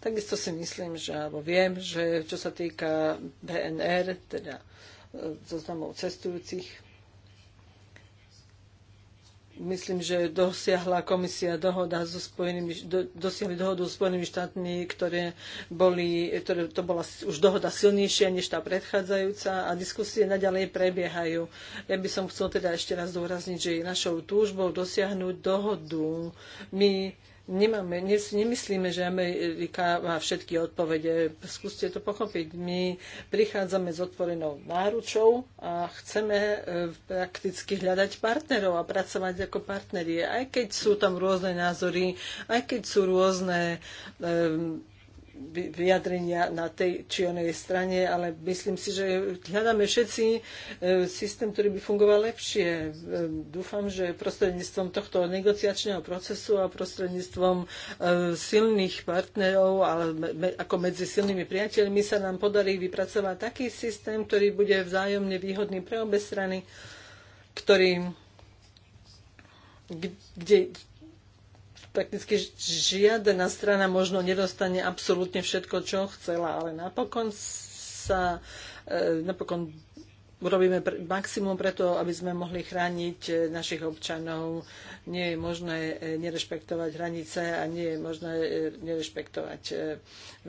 B: Takisto si myslím, že, alebo viem, že čo sa týka BNR, teda e, zoznamov cestujúcich, myslím, že dosiahla komisia dohoda so spojenými, do, dosiahli dohodu so Spojenými štátmi, ktoré boli, ktoré, to bola už dohoda silnejšia než tá predchádzajúca a diskusie naďalej prebiehajú. Ja by som chcel teda ešte raz dôrazniť, že je našou túžbou dosiahnuť dohodu. My nemáme, nemyslíme, že Amerika má všetky odpovede. Skúste to pochopiť. My prichádzame s otvorenou náručou a chceme e, prakticky hľadať partnerov a pracovať ako partneri. Aj keď sú tam rôzne názory, aj keď sú rôzne um, vyjadrenia na tej či onej strane, ale myslím si, že hľadáme všetci e, systém, ktorý by fungoval lepšie. E, dúfam, že prostredníctvom tohto negociačného procesu a prostredníctvom e, silných partnerov, ale ako medzi silnými priateľmi sa nám podarí vypracovať taký systém, ktorý bude vzájomne výhodný pre obe strany, ktorý kde prakticky žiadna strana možno nedostane absolútne všetko, čo chcela, ale napokon sa e, napokon urobíme maximum preto, aby sme mohli chrániť e, našich občanov. Nie je možné e, nerešpektovať hranice a nie je možné nerešpektovať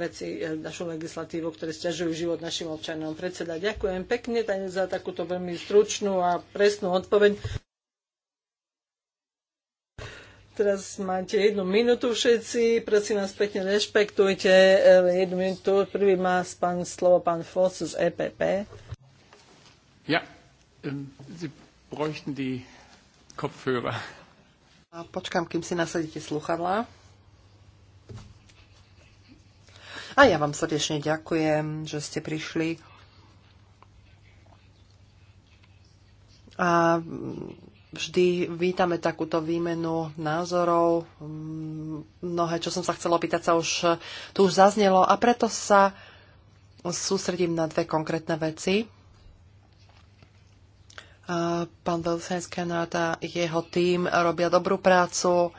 B: veci, našu legislatívu, ktoré stiažujú život našim občanom. Predseda, ďakujem pekne za takúto veľmi stručnú a presnú odpoveď. Teraz máte jednu minútu všetci, prosím vás pekne rešpektujte eh, jednu minútu. Prvý má pán, slovo
A: pán Foss z EPP.
C: Ja, um, bräuchten die Kopfhörer.
A: A počkám, kým si nasadíte sluchadlá. A ja vám srdečne ďakujem, že ste prišli. A vždy vítame takúto výmenu názorov. Mnohé, čo som sa chcela opýtať, sa už, tu už zaznelo a preto sa sústredím na dve konkrétne veci. Pán Velsenz a jeho tým robia dobrú prácu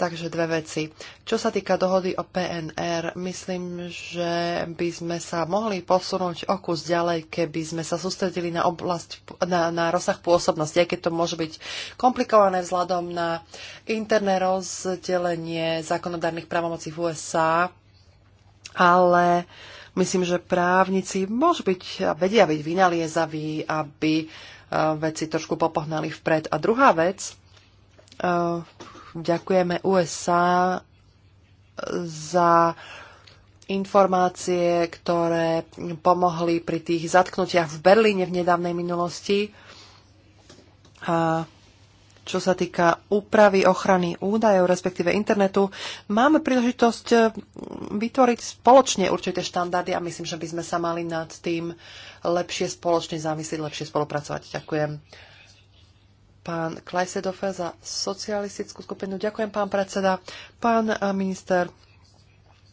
A: Takže dve veci. Čo sa týka dohody o PNR, myslím, že by sme sa mohli posunúť o kus ďalej, keby sme sa sústredili na oblasť, na, na rozsah pôsobnosti, aj keď to môže byť komplikované vzhľadom na interné rozdelenie zákonodárnych právomocí v USA, ale myslím, že právnici môžu byť a vedia byť vynaliezaví, aby eh, veci trošku popohnali vpred. A druhá vec, eh, Ďakujeme USA za informácie, ktoré pomohli pri tých zatknutiach v Berlíne v nedávnej minulosti. A čo sa týka úpravy ochrany údajov, respektíve internetu, máme príležitosť e, vytvoriť spoločne určité štandardy a myslím, že by sme sa mali nad tým lepšie spoločne zamyslieť, lepšie spolupracovať. Ďakujem pán Klajsedofe za socialistickú skupinu. Ďakujem, pán predseda. Pán eh, minister,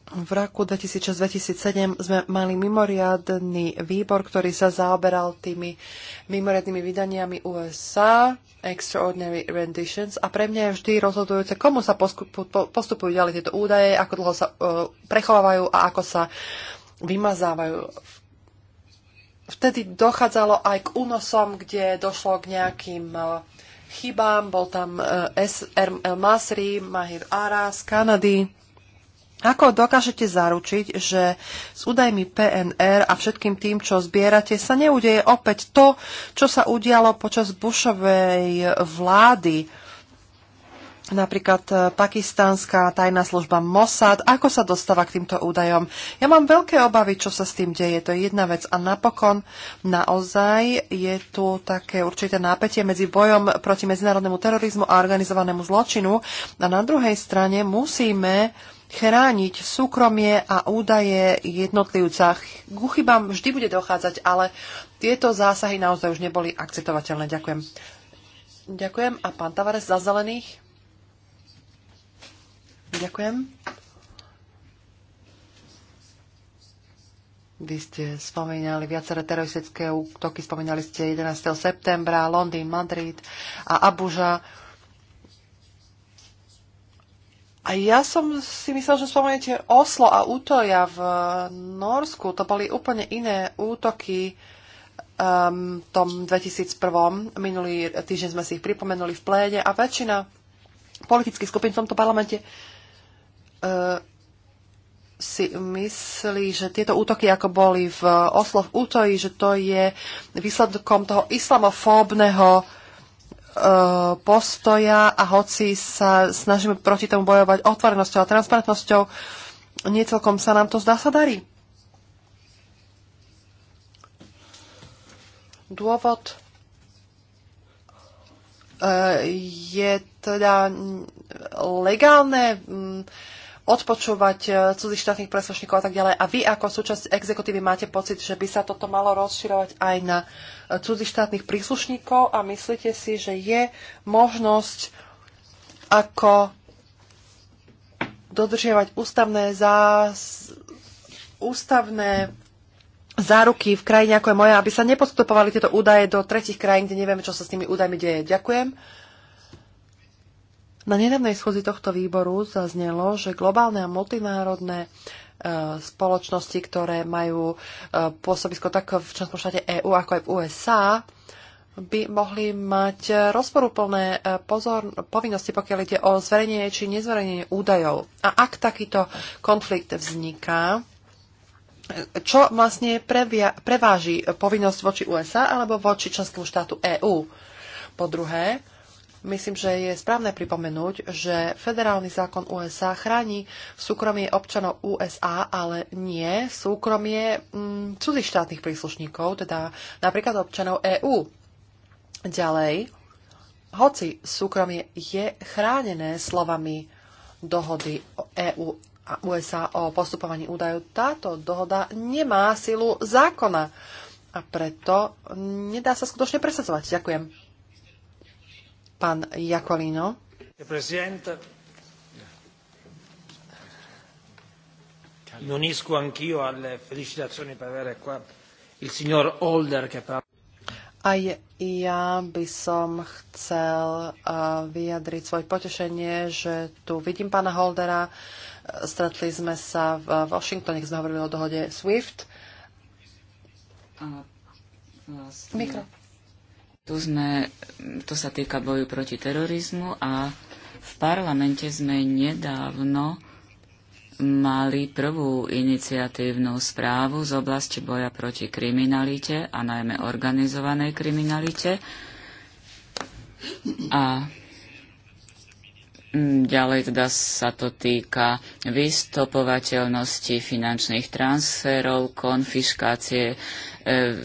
A: v roku 2006-2007 sme mali mimoriadný výbor, ktorý sa zaoberal tými mimoriadnými vydaniami USA, Extraordinary Renditions, a pre mňa je vždy rozhodujúce, komu sa postupujú ďalej tieto údaje, ako dlho sa eh, prechovávajú a ako sa vymazávajú. Vtedy dochádzalo aj k únosom, kde došlo k nejakým eh, chybám. Bol tam e, SR Masri, Mahir Ara z Kanady. Ako dokážete zaručiť, že s údajmi PNR a všetkým tým, čo zbierate, sa neudeje opäť to, čo sa udialo počas Bushovej vlády? napríklad e, pakistánska tajná služba Mossad, ako sa dostáva k týmto údajom. Ja mám veľké obavy, čo sa s tým deje, to je jedna vec. A napokon naozaj je tu také určité nápetie medzi bojom proti medzinárodnému terorizmu a organizovanému zločinu. A na druhej strane musíme chrániť súkromie a údaje jednotlivca. K chybám vždy bude dochádzať, ale tieto zásahy naozaj už neboli akceptovateľné. Ďakujem. Ďakujem. A pán Tavares za zelených? Ďakujem. Vy ste spomínali viaceré teroristické útoky, spomínali ste 11. septembra, Londýn, Madrid a Abuža. A ja som si myslel, že spomeniete Oslo a Útoja v Norsku. To boli úplne iné útoky um, tom 2001. Minulý týždeň sme si ich pripomenuli v pléne a väčšina politických skupín v tomto parlamente uh, E, si myslí, že tieto útoky, ako boli v Oslo v útoji, že to je výsledkom toho islamofóbneho e, postoja a hoci sa snažíme proti tomu bojovať otvorenosťou a transparentnosťou, nie celkom sa nám to zdá sa darí. Dôvod e, je teda legálne odpočúvať e, cudzích štátnych preslušníkov a tak ďalej. A vy ako súčasť exekutívy máte pocit, že by sa toto malo rozširovať aj na e, cudzích štátnych príslušníkov a myslíte si, že je možnosť ako dodržiavať ústavné zás, ústavné záruky v krajine ako je moja, aby sa nepodstupovali tieto údaje do tretich krajín, kde nevieme, čo sa s tými údajmi deje. Ďakujem. Na nedávnej schôzi tohto výboru zaznelo, že globálne a multinárodné e, spoločnosti, ktoré majú e, pôsobisko tak v členskom štáte EÚ ako aj v USA, by mohli mať rozporúplné e, pozor, povinnosti, pokiaľ ide o zverejnenie či nezverejnenie údajov. A ak takýto konflikt vzniká, čo vlastne previa, preváži povinnosť voči USA alebo voči členskému štátu EÚ? Po druhé, Myslím, že je správne pripomenúť, že federálny zákon USA chráni súkromie občanov USA, ale nie súkromie mm, cudzích štátnych príslušníkov, teda napríklad občanov EÚ. Ďalej, hoci súkromie je chránené slovami dohody EÚ a USA o postupovaní údajov, táto dohoda nemá silu zákona a preto nedá sa skutočne presadzovať. Ďakujem. Pán Jakolino.
B: Mi unisco anch'io alle felicitazioni per avere qua il signor Holder che parla.
A: Aj ja by som chcel eh, vyjadriť svoje potešenie, že tu vidím pána Holdera. Stretli sme sa v Washingtone, keď sme hovorili o dohode SWIFT.
C: Mikro. Tu sme, to sa týka boju proti terorizmu a v parlamente sme nedávno mali prvú iniciatívnu správu z oblasti boja proti kriminalite a najmä organizovanej kriminalite. A Mm, ďalej teda sa to týka vystopovateľnosti finančných transferov, konfiškácie, e,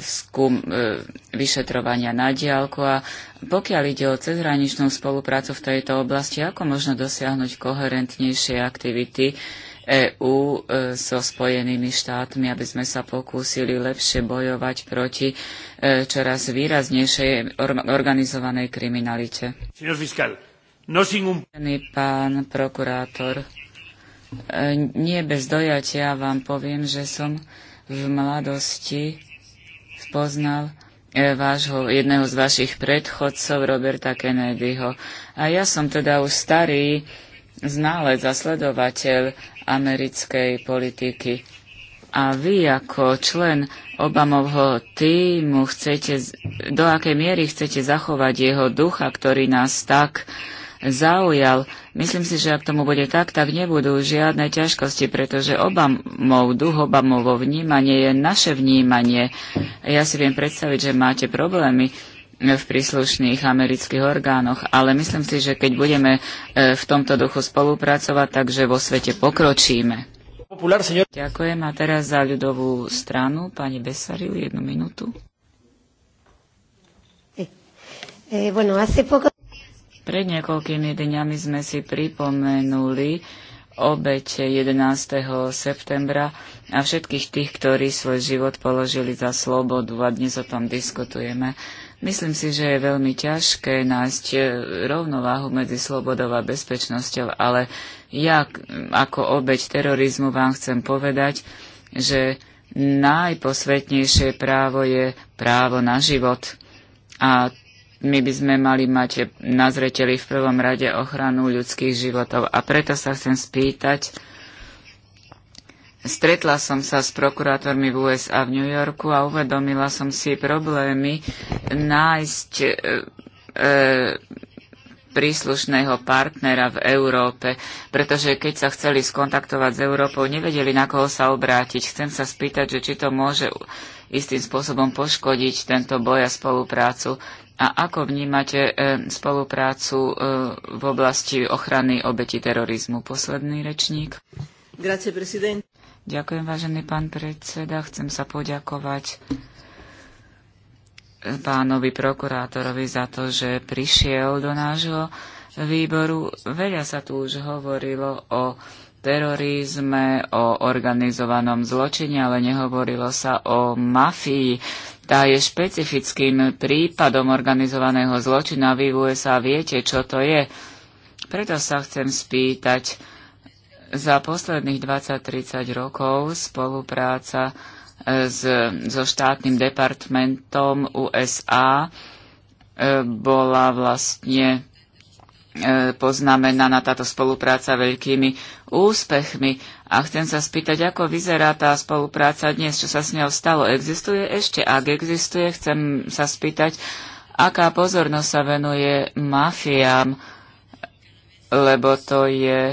C: skum, e, vyšetrovania na diálku a pokiaľ ide o cezhraničnú spoluprácu v tejto oblasti, ako možno dosiahnuť koherentnejšie aktivity EÚ e, so Spojenými štátmi, aby sme sa pokúsili lepšie bojovať proti čoraz výraznejšej organizovanej kriminalite. No sin un... Pán prokurátor, e, nie bez dojatia vám poviem, že som v mladosti spoznal e, vášho, jedného z vašich predchodcov, Roberta Kennedyho. A ja som teda už starý ználec a sledovateľ americkej politiky. A vy ako člen Obamovho týmu chcete, do akej miery chcete zachovať jeho ducha, ktorý nás tak zaujal. Myslím si, že ak tomu bude tak, tak nebudú žiadne ťažkosti, pretože Obamov duch, Obamovo vnímanie je naše vnímanie. Ja si viem predstaviť, že máte problémy v príslušných amerických orgánoch, ale myslím si, že keď budeme e, v tomto duchu spolupracovať, takže vo svete pokročíme. Ďakujem a teraz za ľudovú stranu. Pani Besaril, jednu minútu. Eh, eh bueno, hace poco... Pred niekoľkými dňami sme si pripomenuli obete 11. septembra a všetkých tých, ktorí svoj život položili za slobodu a dnes o tom diskutujeme. Myslím si, že je veľmi ťažké nájsť eh, rovnováhu medzi slobodou a bezpečnosťou, ale ja ako obeď terorizmu vám chcem povedať, že najposvetnejšie právo je právo na život. A my by sme mali mať na zreteli v prvom rade ochranu ľudských životov. A preto sa chcem spýtať, stretla som sa s prokurátormi v USA v New Yorku a uvedomila som si problémy nájsť e, e, príslušného partnera v Európe, pretože keď sa chceli skontaktovať s Európou, nevedeli, na koho sa obrátiť. Chcem sa spýtať, že či to môže istým spôsobom poškodiť tento boj a spoluprácu a ako vnímate e, spoluprácu e, v oblasti ochrany obeti terorizmu? Posledný rečník. Grazie, prezident. Ďakujem, vážený pán predseda. Chcem sa poďakovať e, pánovi prokurátorovi za to, že prišiel do nášho výboru. Veľa sa tu už hovorilo o terorizme, o organizovanom zločine, ale nehovorilo sa o mafii. Tá je špecifickým prípadom organizovaného zločina. Vy v USA viete, čo to je. Preto sa chcem spýtať, za posledných 20-30 rokov spolupráca e, s, so štátnym departmentom USA e, bola vlastne poznamenaná táto spolupráca veľkými úspechmi. A chcem sa spýtať, ako vyzerá tá spolupráca dnes, čo sa s ňou stalo. Existuje ešte? Ak existuje, chcem sa spýtať, aká pozornosť sa venuje mafiám, lebo to je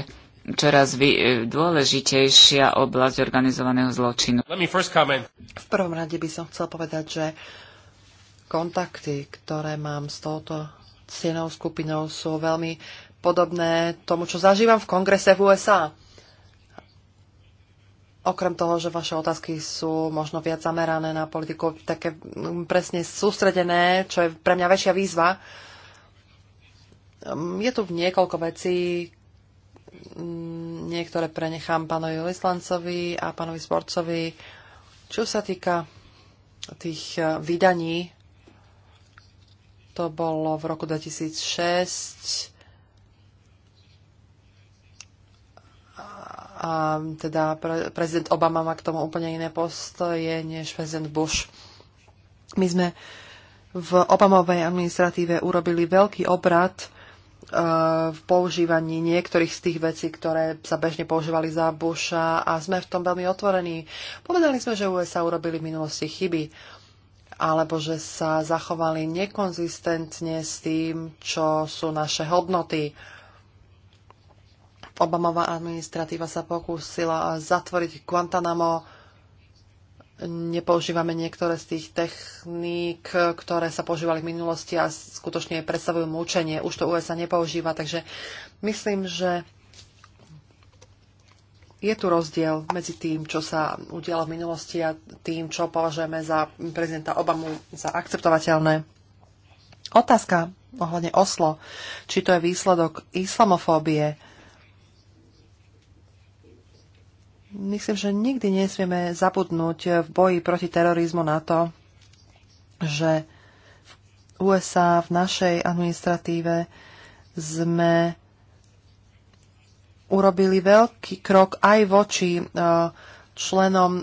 C: čoraz dôležitejšia oblasť organizovaného zločinu.
A: V prvom rade by som chcel povedať, že kontakty, ktoré mám s touto cieľovou skupinou sú veľmi podobné tomu, čo zažívam v kongrese v USA. Okrem toho, že vaše otázky sú možno viac zamerané na politiku, také mm, presne sústredené, čo je pre mňa väčšia výzva, mm, je tu niekoľko vecí, mm, niektoré prenechám pánovi Lislancovi a pánovi Sporcovi. Čo sa týka tých eh, vydaní, to bolo v roku 2006. A teda prezident Obama má k tomu úplne iné postoje než prezident Bush. My sme v Obamovej administratíve urobili veľký obrad e, v používaní niektorých z tých vecí, ktoré sa bežne používali za Busha a sme v tom veľmi otvorení. Povedali sme, že USA urobili v minulosti chyby alebo že sa zachovali nekonzistentne s tým, čo sú naše hodnoty. Obamová administratíva sa pokúsila zatvoriť Guantanamo. Nepoužívame niektoré z tých techník, ktoré sa používali v minulosti a skutočne predstavujú mučenie. Už to USA nepoužíva, takže myslím, že je tu rozdiel medzi tým, čo sa udialo v minulosti a tým, čo považujeme za prezidenta Obamu za akceptovateľné. Otázka ohľadne Oslo, či to je výsledok islamofóbie. Myslím, že nikdy nesmieme zabudnúť v boji proti terorizmu na to, že v USA, v našej administratíve sme urobili veľký krok aj voči e, členom e,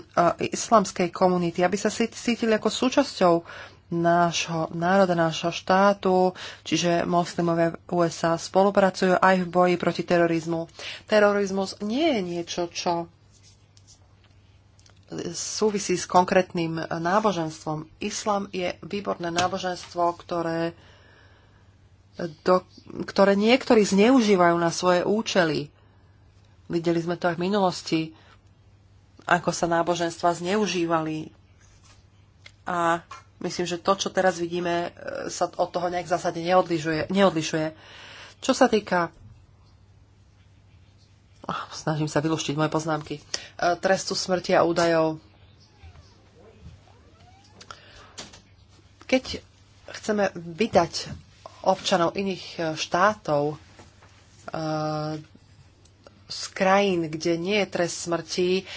A: islamskej komunity, aby sa cítili ako súčasťou nášho národa, nášho štátu, čiže moslimové USA spolupracujú aj v boji proti terorizmu. Terorizmus nie je niečo, čo súvisí s konkrétnym náboženstvom. Islam je výborné náboženstvo, ktoré, do, ktoré niektorí zneužívajú na svoje účely. Videli sme to aj v minulosti, ako sa náboženstva zneužívali. A myslím, že to, čo teraz vidíme, e, sa od toho nejak zásade neodlišuje. neodlišuje. Čo sa týka snažím sa vyluštiť moje poznámky, e, trestu smrti a údajov. Keď chceme vydať občanov iných e, štátov z krajín, kde nie je trest smrti,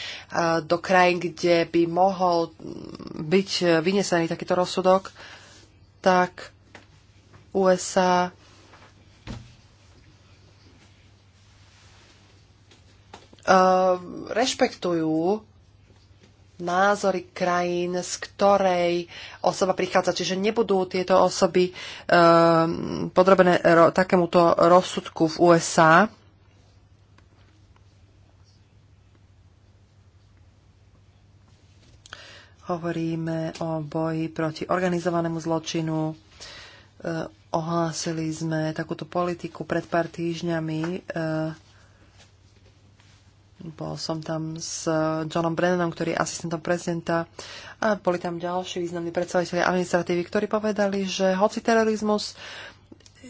A: do krajín, kde by mohol byť vynesený takýto rozsudok, tak USA rešpektujú názory krajín, z ktorej osoba prichádza. Čiže nebudú tieto osoby um, podrobené ro, takémuto rozsudku v USA. Hovoríme o boji proti organizovanému zločinu. E, ohlásili sme takúto politiku pred pár týždňami. E, bol som tam s Johnom Brennanom, ktorý je asistentom prezidenta a boli tam ďalší významní predstaviteľi administratívy, ktorí povedali, že hoci terorizmus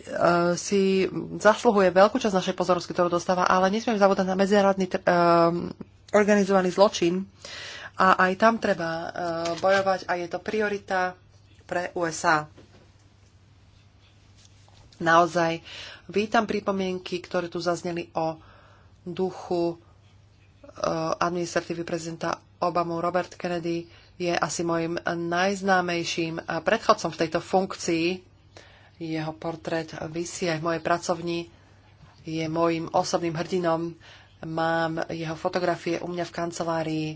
A: e, si zasluhuje veľkú časť našej pozornosti, ktorú dostáva, ale nesmieme zabúdať na medzinárodný organizovaný zločin a aj tam treba e, bojovať a je to priorita pre USA. Naozaj vítam pripomienky, ktoré tu zazneli o duchu e, administratívy prezidenta Obamu. Robert Kennedy je asi môjim najznámejším e, predchodcom v tejto funkcii. Jeho portrét vysí aj v mojej pracovni. Je môjim osobným hrdinom. Mám jeho fotografie u mňa v kancelárii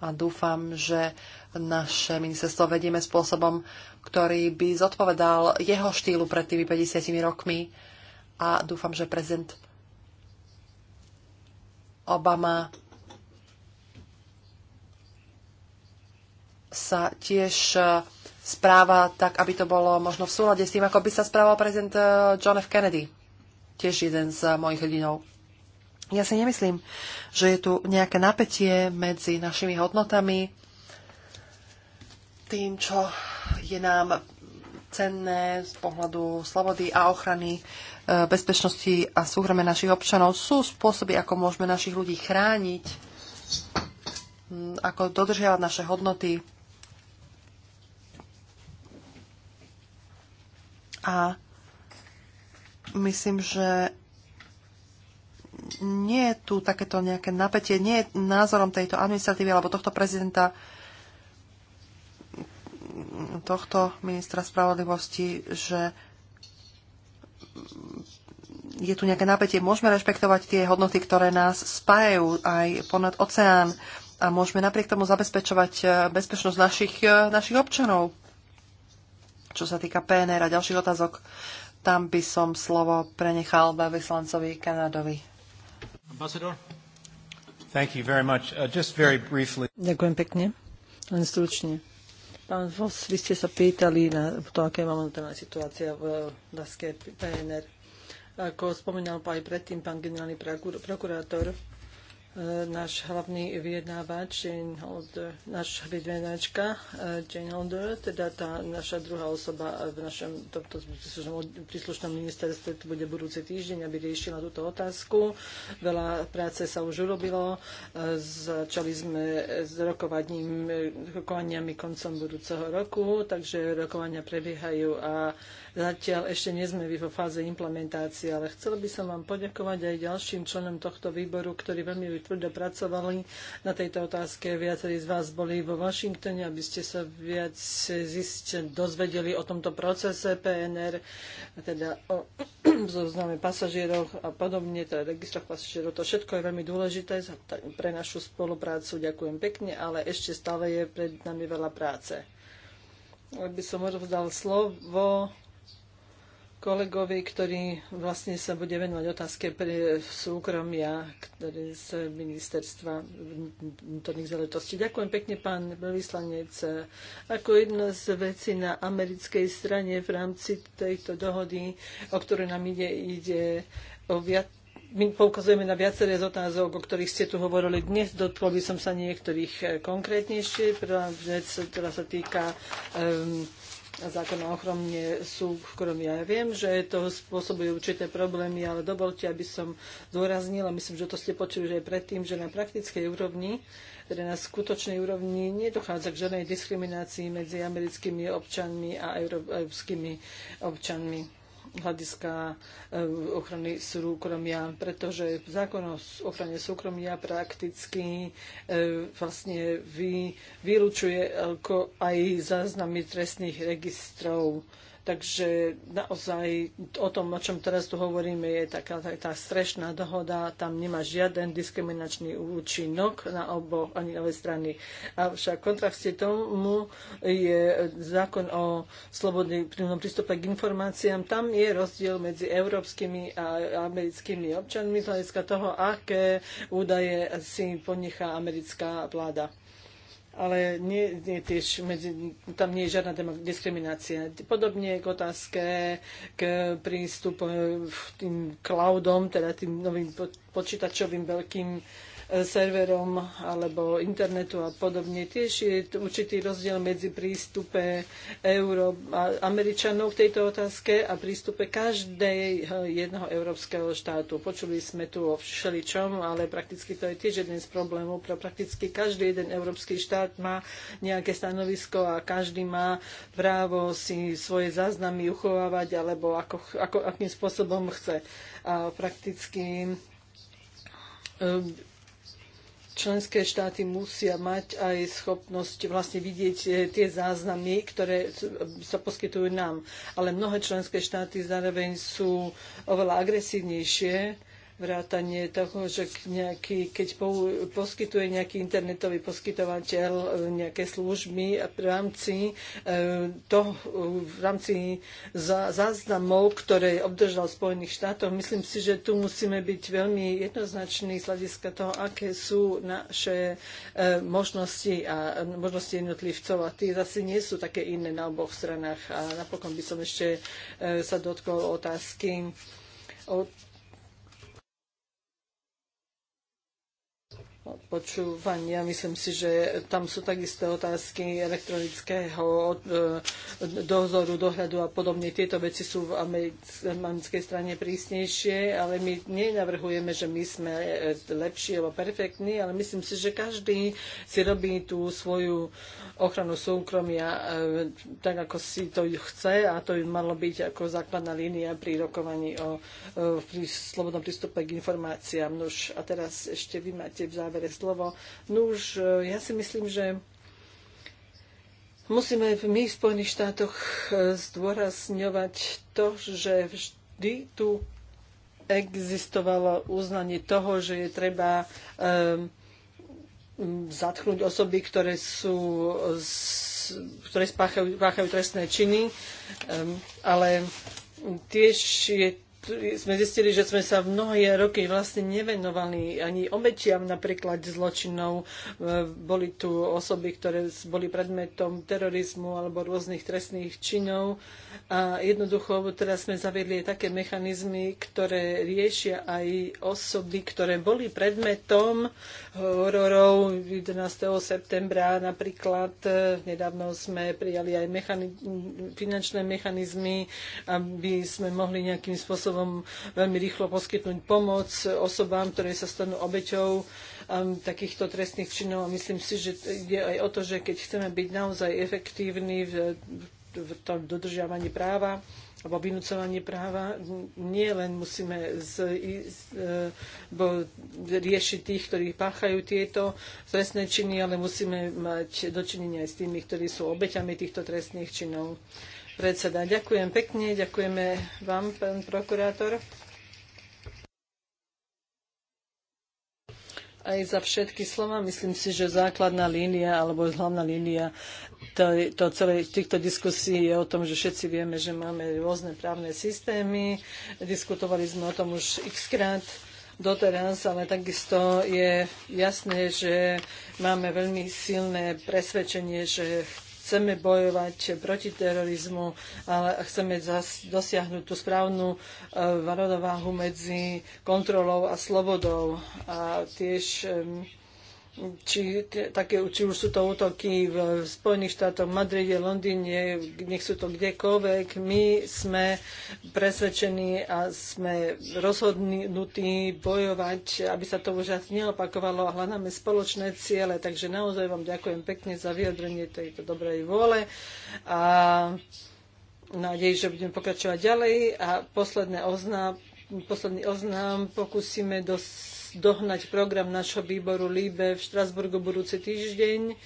A: a dúfam, že naše ministerstvo vedieme spôsobom, ktorý by zodpovedal jeho štýlu pred tými 50 rokmi a dúfam, že prezident Obama sa tiež e, správa tak, aby to bolo možno v súlade s tým, ako by sa správal prezident e, John F. Kennedy, tiež jeden z mojich hrdinov. Ja si nemyslím, že je tu nejaké napätie medzi našimi hodnotami, tým, čo je nám cenné z pohľadu slobody a ochrany e, bezpečnosti a súhrame našich občanov sú spôsoby, ako môžeme našich ľudí chrániť, ako dodržiavať naše hodnoty. A myslím, že nie je tu takéto nejaké napätie, nie je názorom tejto administratívy alebo tohto prezidenta, tohto ministra spravodlivosti, že je tu nejaké napätie. Môžeme rešpektovať tie hodnoty, ktoré nás spájajú aj ponad oceán a môžeme napriek tomu zabezpečovať eh, bezpečnosť našich, eh, našich občanov. Čo sa týka PNR a ďalších otázok, tam by som slovo prenechal veľvyslancovi Kanadovi.
C: Ambassador. Thank you very much. Uh, just very briefly.
A: Ďakujem pekne. Len stručne.
B: Pán Vos, vy ste sa pýtali na to, aká je momentálna situácia v Laskej PNR. Ako spomínal aj predtým pán generálny prokurátor, Eh, náš hlavný vyjednávač, Jane Holder, náš vyjednáčka eh, Jane Holder, teda tá naša druhá osoba eh, v našom tomto príslušnom ministerstve, to bude budúci týždeň, aby riešila túto otázku. Veľa práce sa už urobilo. Začali sme s rokovaním, rokovaniami koncom budúceho roku, takže rokovania prebiehajú a zatiaľ ešte nie sme vo fáze implementácie, ale chcela by som vám poďakovať aj ďalším členom tohto výboru, ktorí veľmi tvrdo pracovali na tejto otázke. Viacerí z vás boli vo Washingtone, aby ste sa viac zist, dozvedeli o tomto procese PNR, teda o *clears throat* zozname pasažierov a podobne, teda registroch pasažierov. To všetko je veľmi dôležité pre našu spoluprácu. Ďakujem pekne, ale ešte stále je pred nami veľa práce. Aby som rozdal slovo kolegovi, ktorý vlastne sa bude venovať otázke pre súkromia, z ministerstva vnútorných záležitostí. Ďakujem pekne, pán vyslanec. Ako jedna z vecí na americkej strane v rámci tejto dohody, o ktorú nám ide, ide o viac my poukazujeme na viaceré z otázok, o ktorých ste tu hovorili dnes. Dotkol by som sa niektorých konkrétnejšie. Prvá vec, ktorá sa týka um, zákon o ochromne súkromia. Ja viem, že to spôsobuje určité problémy, ale dovolte, aby som zdôraznila, myslím, že to ste počuli aj predtým, že na praktickej úrovni, teda na skutočnej úrovni, nedochádza k žiadnej diskriminácii medzi americkými občanmi a európskymi občanmi hľadiska e, ochrany súkromia, pretože zákon o ochrane súkromia prakticky e, vlastne vy, vylúčuje e, aj záznamy trestných registrov Takže naozaj o tom, o čom teraz tu hovoríme, je taká tá, tá strešná dohoda, tam nemá žiaden diskriminačný účinok na obo ani obe strany. Avšak kontraste tomu je zákon o slobodnom prístupe k informáciám. Tam je rozdiel medzi európskymi a americkými občanmi z hľadiska toho, aké údaje si ponechá americká vláda ale nie, nie tiež medzi, tam nie je žiadna diskriminácia. Podobne k otázke k prístupu k e, tým cloudom, teda tým novým počítačovým veľkým E, serverom alebo internetu a podobne. Tiež je určitý rozdiel medzi prístupe euro Američanov v tejto otázke a prístupe každej e, jednoho európskeho štátu. Počuli sme tu o všeličom, ale prakticky to je tiež jeden z problémov. Pre prakticky každý jeden európsky štát má nejaké stanovisko a každý má právo si svoje záznamy uchovávať alebo ako, ako, akým spôsobom chce. A prakticky e, členské štáty musia mať aj schopnosť vlastne vidieť eh, tie záznamy, ktoré eh, sa poskytujú nám. Ale mnohé členské štáty zároveň sú oveľa agresívnejšie vrátanie toho, že nejaký, keď po, poskytuje nejaký internetový poskytovateľ e, nejaké služby v rámci, e, to, e, v rámci záznamov, ktoré obdržal v Spojených štátoch, myslím si, že tu musíme byť veľmi jednoznační z hľadiska toho, aké sú naše možnosti a možnosti jednotlivcov a tie zase nie sú také iné na oboch stranách. A napokon by som ešte sa dotkol otázky o počúvania. Myslím si, že tam sú takisto otázky elektronického eh, dozoru, dohľadu a podobne. Tieto veci sú v americkej strane prísnejšie, ale my nenavrhujeme, že my sme eh, lepší alebo perfektní, ale myslím si, že každý si robí tú svoju ochranu súkromia eh, tak, ako si to chce a to by malo byť ako základná línia pri rokovaní o pri slobodnom prístupe k informáciám. Nož, a teraz ešte vy máte v závere závere slovo. No už e, ja si myslím, že musíme my v Spojených štátoch e, zdôrazňovať to, že vždy tu existovalo uznanie toho, že je treba um, zatknúť osoby, ktoré, sú, ktoré spáchajú, spáchajú trestné činy, um, ale tiež je sme zistili, že sme sa mnohé roky vlastne nevenovali ani obetiam napríklad zločinov. E, boli tu osoby, ktoré boli predmetom terorizmu alebo rôznych trestných činov. A jednoducho teraz sme zaviedli také mechanizmy, ktoré riešia aj osoby, ktoré boli predmetom hororov 11. septembra. Napríklad e, nedávno sme prijali aj mechani- finančné mechanizmy, aby sme mohli nejakým spôsobom spôsobom veľmi rýchlo poskytnúť pomoc osobám, ktoré sa stanú obeťou um, takýchto trestných činov. A myslím si, že ide aj o to, že keď chceme byť naozaj efektívni v, v tom dodržiavaní práva, alebo vynúcovanie práva, nie len musíme z, z, e, bo, riešiť tých, ktorí páchajú tieto trestné činy, ale musíme mať dočinenia aj s tými, ktorí sú obeťami týchto trestných činov predseda. Ďakujem pekne, ďakujeme vám, pán prokurátor. aj za všetky slova. Myslím si, že základná línia alebo hlavná línia to, to celé, týchto diskusí je o tom, že všetci vieme, že máme rôzne právne systémy. Diskutovali sme o tom už x krát doteraz, ale takisto je jasné, že máme veľmi silné presvedčenie, že chceme bojovať proti terorizmu, ale chceme dosiahnuť tú správnu e, rovnováhu medzi kontrolou a slobodou. A tiež či, také, či už sú to útoky v Spojených štátoch, Madride, Londýne, nech sú to kdekoľvek, my sme presvedčení a sme rozhodnutí bojovať, aby sa to už neopakovalo a hľadáme spoločné ciele. Takže naozaj vám ďakujem pekne za vyjadrenie tejto dobrej vôle. A nádej, že budeme pokračovať ďalej. A posledné oznám, posledný oznám pokúsime dosť dohnať program našho výboru LIBE v Štrasburgu budúci týždeň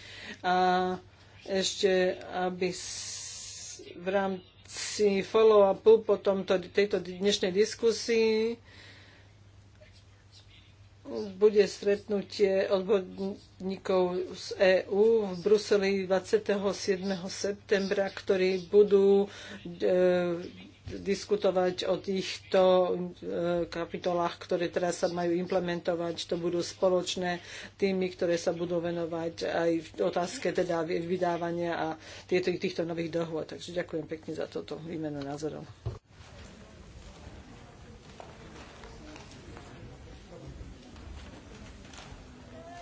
B: a ešte, aby v rámci follow-upu po tomto, tejto dnešnej diskusii bude stretnutie odborníkov z EÚ v Bruseli 27. septembra, ktorí budú e, diskutovať o týchto e, kapitolách, ktoré teraz sa majú implementovať. To budú spoločné týmy, ktoré sa budú venovať aj v otázke teda vydávania a týchto nových dohôd. Takže ďakujem pekne za toto výmenu názorov.